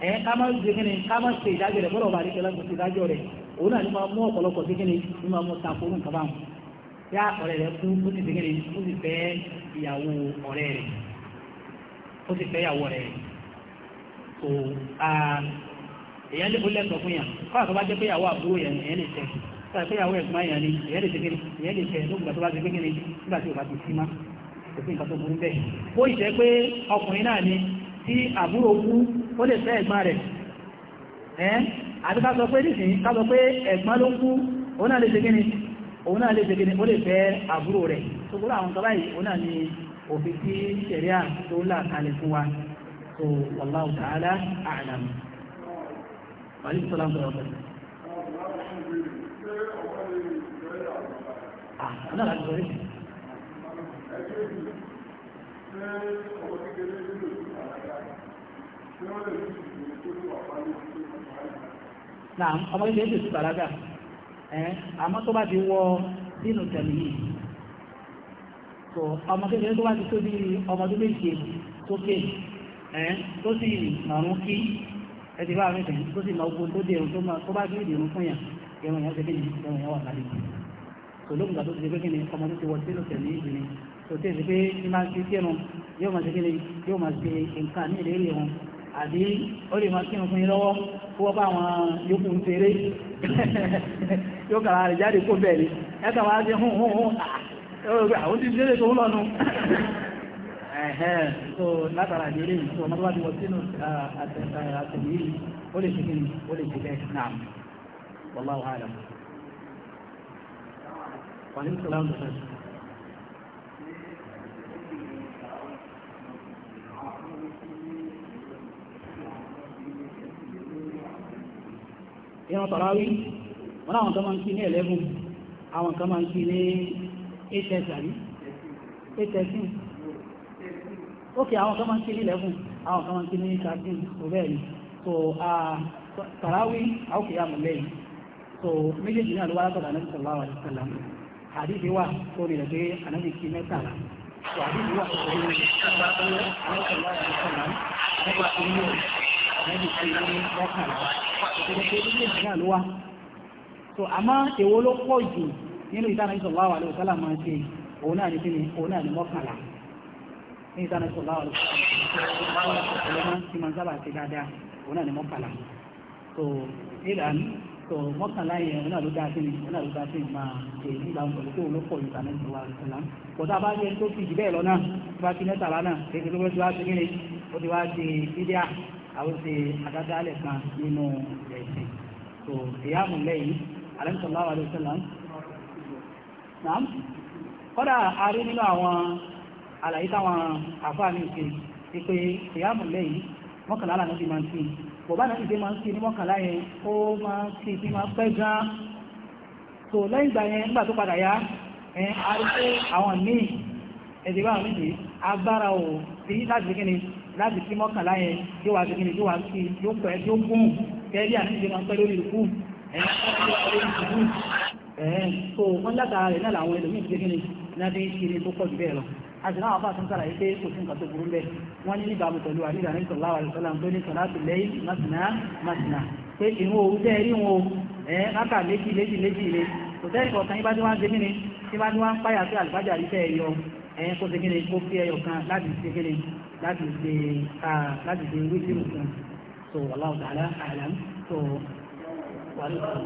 ẹ̀ ká má ṣe kí ni ká má ṣe ìdájọ́ rẹ̀ bọ́lá ọba àdìgbẹ́ láti ṣe ìdájọ́ rẹ̀ òun náà ní máa mú ọ̀pọ̀lọpọ̀ sí kí ni ní máa mú ta fóònù kaba hàn yá ọ̀rẹ́ rẹ̀ kú ó sì ṣe ó sì fẹ́ ìyàwó ọ̀rẹ́ rẹ̀ ó sì fẹ́ ìyàwó rẹ̀ so èyàn lè kólẹ̀ sọ fún yàn kọ́nà tó bá jẹ́ pé ìyàwó àbúrò yẹn èyàn lè tẹ̀ kọ́nà pé ìyàwó ẹ̀gbọ́n yẹn ni èyàn lè tẹ̀ èyàn lè tẹ̀ lóògùn tó bá ti gbégé ni nígbà tí ò ti sí má kò nǹkan tó burú bẹ́ẹ̀ bó ìṣẹ́ pé ọkùnrin náà ni tí àbúrò kú ó lè fẹ́ ẹ̀gbọ́n rẹ̀ ẹ́ àti ká sọ pé nìsìn ká sọ pé ẹ̀gbọ́n ló kú òun náà lè ṣe òun náà lè ṣe ó lè fẹ́ àbúrò rẹ̀ tó gbọ́dọ̀ àwọn kan báyìí òun náà ni òfin tí ṣẹ̀ríà tó là kalẹ̀ fún wa so wallahu ta'ala a'lam wàlí sọlá ń bọ̀rọ̀ pẹ̀lú. ọ̀nà láti sọ náà ọmọ ilé ìdè ti bàlágà ẹ̀ àmọ́ tó bá ti wọ sínú tẹ̀lé yìí tó ọmọ kékeré tó bá ti tó bí ọmọ tó méje sókè ẹ̀ tó sì nàrún kí ẹ ti bá àwọn ìtẹ̀lé tó sì máa gbogbo tó dé ẹ̀rùn tó bá dúró ìdèrún fún yà ẹ̀rùn yà ṣẹ́kẹ́ yìí ẹ̀rùn yà wà lálẹ́ tó lóògùn gbà tó ti ṣe pé kí ni ọmọ tó ti wọ sínú tẹ̀lé yìí ni tó tẹ̀lé pé ní máa ń kí àbí ó lè máa kírun fún yín lọ́wọ́ bá àwọn yòókù tèrè yóò kàrà rẹ̀ jáde kó bẹ̀rẹ̀ ẹ̀kà wá sí hún hún hún àwọn tí délé tó ń lọ́nu ẹ̀hẹ́n tó látara délé tó ọmọdé wá ti ìran tọ̀ráwí wọn àwọn kan máa ń kí ní 11 àwọn kan máa ń kí ní 8 tàbí 8 ókè àwọn kan máa ń kí ní 11 àwọn kan máa ń kí ní 13 òbẹ́ẹ̀ni so tọ̀ráwí àókè yà mọ̀lẹ́yìn so méjèèjì náà ló wá látọ̀dọ̀ anábì sallallahu alaihi wasallam àdìsí wà tó nílẹ̀ pé anábì kí mẹ́tàlá so àdìsí wà tó nílẹ̀ pé anábì sallallahu alaihi wasallam ànábì ti ní mọ́kànlá ìṣòro so àmọ́ èwo ló pọ̀ jù nínú ìtànà sallallahu alaihi wasallam máa ṣe òun náà ní kí ni òun náà ní mọ́kànlá ní ìtànà sallallahu alaihi wasallam ti máa sábà ṣe dáadáa òun náà ní mọ́kànlá so ìlànà so mọ́kànlá yẹn òun náà ló dáa sí ni òun náà ló dáa sí ni máa ṣe nígbà pẹ̀lú pé òun ló pọ̀ jù ìtànà sallallahu alaihi wasallam bá yẹ tó fi jù bẹ́ẹ̀ lọ náà àwọn ṣe àdádálẹ̀ kan nínú ẹ̀sìn tó ìyáàmù lẹ́yìn alẹ́sọ̀lá wa lọ́sọ̀lá náà kọ́dà a rí nínú àwọn àlàyé táwọn àfáàmì ṣe ti pé ìyáàmù lẹ́yìn mọ́kànlá àlànà ti máa ń sìn bọ̀bá náà ìdè máa ń sìn ní mọ́kànlá yẹn ó máa ń sìn tí máa pẹ́ gan tó lẹ́yìn ìgbà yẹn nígbà tó padà yá a rí pé àwọn míì ẹ̀dẹ̀ bá wọn ni láti kí mọ́kànlá yẹn yóò wá gbẹ́gbẹ́ yóò wá sí yóò pẹ́ yóò gún kẹ́rí àti ìjọba ń pẹ́ lórí ìkú ẹ̀ẹ́n tó wọ́n látara rẹ̀ náà làwọn ẹlòmíì gbẹ́gbẹ́ ni nábí kiri tó pọ̀ jù bẹ́ẹ̀ lọ àti náà bá tún sára yìí pé kò sí nǹkan tó burú bẹ́ẹ̀ wọ́n ní níbàámu pẹ̀lú àníbà ní sọ̀lá wàlú sọ́lá tó ní sọ̀lá tó lẹ́yìn màsìnà màsìnà pé ìwọ̀n òru tẹ́ rí wọn ẹ̀ẹ́ láka méjì méjì méjì ilé kò tẹ́rì kọ̀ọ̀kan yín bá tí wọ́n ń gbé kíni tí wọ́n ń páyà sí àlùbájà rí fẹ́ yọ ẹ̀ẹ́ kó ṣe kíni kó láti ṣe láti ṣe wí sí nǹkan so wallahu ta'ala a'lam so wà ní ọ̀rọ̀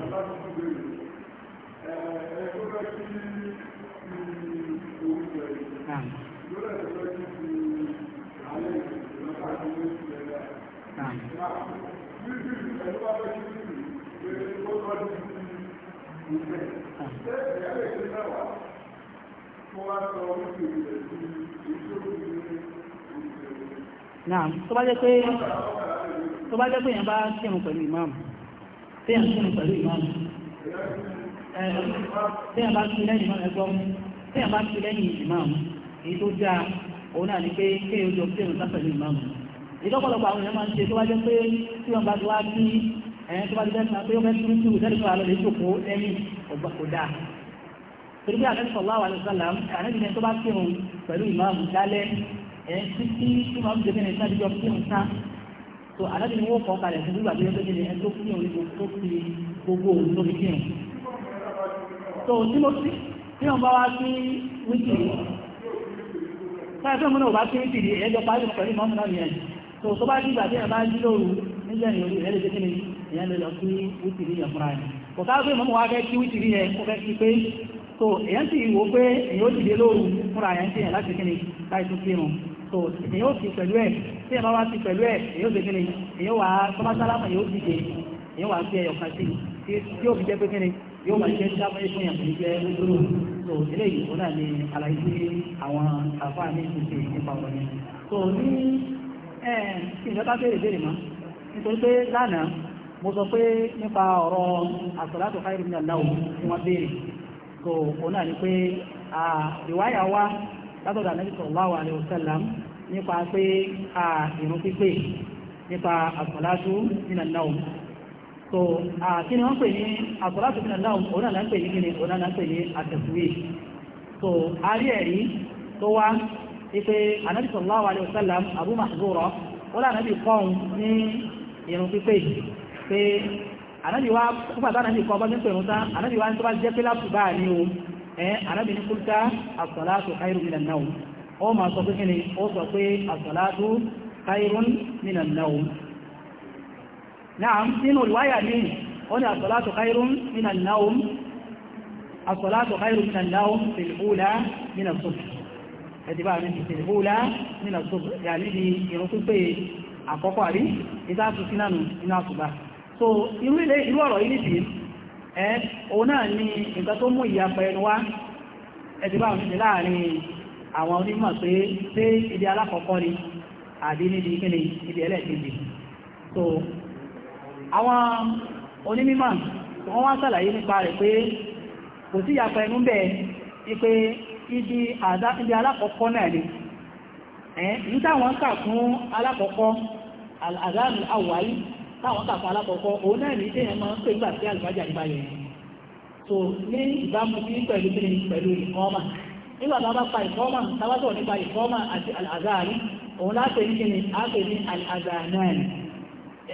náà tó bá jẹ́ pé tó bá jẹ́ pé èèyàn bá kírun pẹ̀lú ìmáàmù téèyàn kírun pẹ̀lú ìmáàmù téèyàn bá kí lẹ́yìn ìmáàmù ẹgbọ́n téèyàn bá kí lẹ́yìn ìmáàmù èyí tó dáa òun náà ni pé kéèyàn jọ kírun sá pẹ̀lú ìmáàmù ìdọ́pọ̀lọpọ̀ àwọn èèyàn máa ń ṣe tó bá jẹ́ pé tí wọ́n bá ti wá sí ẹ̀yìn tó bá ti bẹ́ẹ̀ sọ pé ó fẹ́ tún sí ìwòsàn ìfọ̀ àlọ́ lè jòkó ẹni ọgbà kò dáa torí pé àtẹ́sọ̀lá wà lọ́sọ̀lá àrẹ́bìnrin tó bá kírun pẹ̀lú ìmáàmù dálẹ́ ẹ̀ tí tí tí máa ń jẹ́ bẹ́ẹ̀ nípa ìjọ fún ìta tó alábì ni wọ́n kọ́ kalẹ̀ fún gbígbà tó yẹ kéde ẹ̀ tó fi òun tó fi gbogbo òun tó fi kírun tó tí mo fi tí wọ́n bá wá sí wíkìrì táyà fún ìmúnà ò bá sí wíkìrì ẹjọ́ parí pẹ̀lú mọ́mú náà yẹn tó tó bá dìgbà tí ẹ bá jí lóru níjẹ́ ìyẹn orí ẹ̀rẹ́ kékeré ìyẹn lè lọ sí wíkìrì yẹn fúnra yẹn kò ká pé mọ́mú wa fẹ́ kí wíkìrì yẹn kó fẹ́ kí tó èyàn sì wò pé èyàn ó dìde lóru fúnra yẹn sí yẹn láti kékeré láì tún kírun so èyí ó sì pẹ̀lú ẹ̀ tí ìbá wá sí pẹ̀lú ẹ̀ èyí ó sì kíni èyí ó wà á tọ́ba sálámà yóò sì dé èyí ó wà á sí ẹyọkan sí tí ó fi jẹ́ pé kíni yóò wà jẹ́ sábẹ́ fún yàn jẹ́ lóòrò so eléyìí ó náà ní àlàyé sí àwọn àfáà ní ìṣe nípa wọn ni so ní ìjọba béèrè béèrè mọ́ nítorí pé lánàá mo sọ pé nípa ọ̀rọ̀ àsọ̀látò káyọ̀ ní aláwọ̀ tí wọ́n béèrè so ó náà ní pé ìwáyà wa látọ̀dọ̀ ànábì sallallahu alaihi wasallam nípa pé a ìrun pípé nípa àsọ̀látú minan naum so kí ni wọ́n pè ní àsọ̀látú minan naum òun náà ń pè ní kíni òun náà ń pè ní àtẹ̀síwì so a rí ẹ̀rí tó wá ipe ànábì sallallahu alaihi wasallam Abu Mahdura ó lànàbì kọ́hún ní ìrun pípé pé ànábì wá púpàtà ànábì kọ́ bọ́ ẹ̀ arábìnrin kúrúta as-salatu khairun minan nawm ó máa sọ pé kí ni ó sọ pé as-salatu khairun minan nawm náà nínú ìwáyà ní ó ní as-salatu khairun minan nawm as-salatu khairun minan nawm fil ula minas subh ẹ̀dìbà ní fil ula minas subh yà níbi ìrọ̀kúpé àkọ́kọ́ àrí ìdásùsínánù iná àtùbá so irú ilé irú ọ̀rọ̀ yìí nìsìn ẹ́ òun náà ni nǹkan tó mú ìyapa ẹnu wá ẹ̀sì bá òun láàrin àwọn onímọ̀ pé pé ibi alákọ̀ọ́kọ́ ni àbí níbi kíni ibi ẹlẹ́ẹ̀kejì so àwọn onímọ̀ wọ́n wá sàlàyé nípa rẹ̀ pé kò sí ìyapa ẹnu bẹ́ẹ̀ pé ibi alákọ̀ọ́kọ́ náà ni ẹ̀ táwọn kà fún alákọ̀ọ́kọ́ táwọn kàkọ́ alákọ̀ọ́kọ́ òun náà ní téèyàn máa ń pè nígbà tí àlùfáàjà ní báyọ̀ so ní ìbámu sí pẹ̀lú kí ni pẹ̀lú ìkọ́mà nígbà tá a bá pa ìkọ́mà tá a bá sọ̀rọ̀ nípa ìkọ́mà àti àzáàrí òun láti ní kí ni a pè ní àzáànáàrí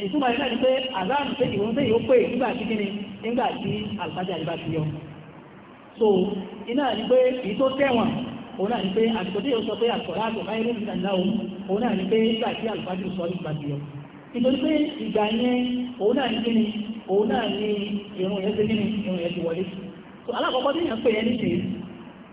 ìtumọ̀ yìí náà ni pé àzáàrí pé ìwọ̀n tẹ̀yìn ó pè nígbà ni so iná ni pé èyí tó tẹ̀wọ̀n òun náà ni pé àtìkọ́tí yóò sọ pé àtìkọ́ láàbò máyé lóbi ìdáná òun òun náà ni pé nítorí pé ìgbà yẹn òun náà ní kíni òun náà ní irun yẹn ti kíni irun yẹn ti wọlé tó alákọ̀ọ́kọ́ tí yẹn pè yẹn níṣe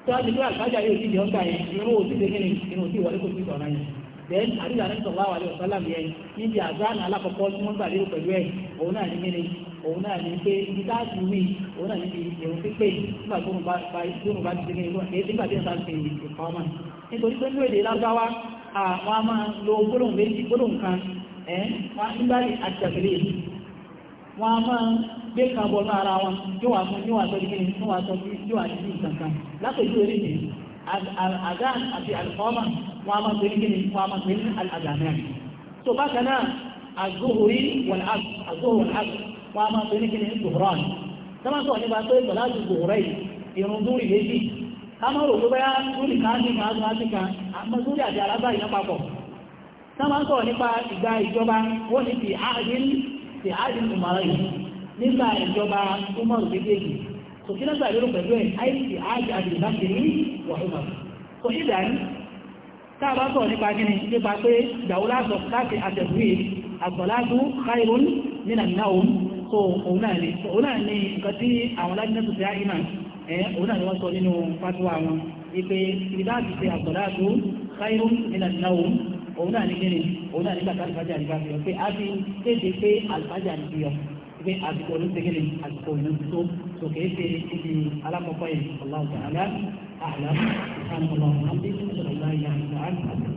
tó a ti pé àkájà yóò ti di ọgbà yẹn irun ò ti ṣe kíni irun ò ti wọlé kò ti sọ̀rọ̀ yẹn then àdúrà ní sọ̀rọ̀ àwọn àlẹ́ ọ̀sálàm yẹn níbi àzánà alákọ̀ọ́kọ́ tí wọ́n gbà lérò pẹ̀lú ẹ̀ òun náà ní kíni òun náà ní pé ibi tá a ti wí òun náà níbi irun pípé nígbà tó ń bá ti ṣe kíni irun àti nígbà tí wọ́n bá ti ṣe ìkọ́ ọmọ nítorí pé ní èdè lárúbáwá àwọn a máa lo gbólóhùn méjì gbólóhùn kan ẹ̀ wọ́n nígbà tí a ti tẹ̀lé wọ́n a máa gbé kan bọ̀ náà ara wọn yóò wá fún yóò wá sọ kíni yóò wá sọ sí yóò wá sí ìkankan lápèjú orí mi àgán àti àlùfọ́mà wọ́n a máa pè ní wọ́n a máa pè ní àgàmẹ́ tó bákan náà àgbóhùrí wọ̀n àgbóhùn àgbóhùn wọ́n a máa pè ní kíni gbòhùrán sọ́mọ́tò nípa pé pẹ̀lú àgbòhùrẹ́ ìrùndúrì méjì kámọ́rò tó bẹ́yà lórí káàkiri káàkiri áfíríkà àmọ́sórí àti alábà ìyá papọ̀ sáwọn sọ̀rọ̀ nípa ìgbà ìjọba wọ́n ní ti àádín ti àádín ìmọ̀ràn yìí nígbà ìjọba umaru méjèèjì kò sí lọ́gbà lérò pẹ̀lú ẹ̀ àìsí àádín àdìbákiri wà umaru kò sí dàní táàbá sọ̀rọ̀ nípa gíní nípa pé ìgbàwó lásọ láti àtẹ̀wé àgbọ̀ládú khairun nínà náà òun so òun náà ni nǹkan tí àwọn lájínà tó fi á ìmọ̀ ẹ̀ òun náà ni wọ́n sọ nínú fatuwa wọn wípé ìdáàbì ṣe àgbọ̀dáàtò káírún nílà náà òun náà ní kíni òun náà nígbà tí alifájà ní bá fi hàn pé a ti kéde pé alifájà ní fi hàn pé àsìkò ló ṣe kíni àsìkò ìlú tó tó kìí ṣe ibi alákọ̀ọ́kọ́ yìí ọ̀làwùjọ àlá àlá ìsàmùlọ̀ àbí ìṣẹ̀lẹ̀ ìlànà àti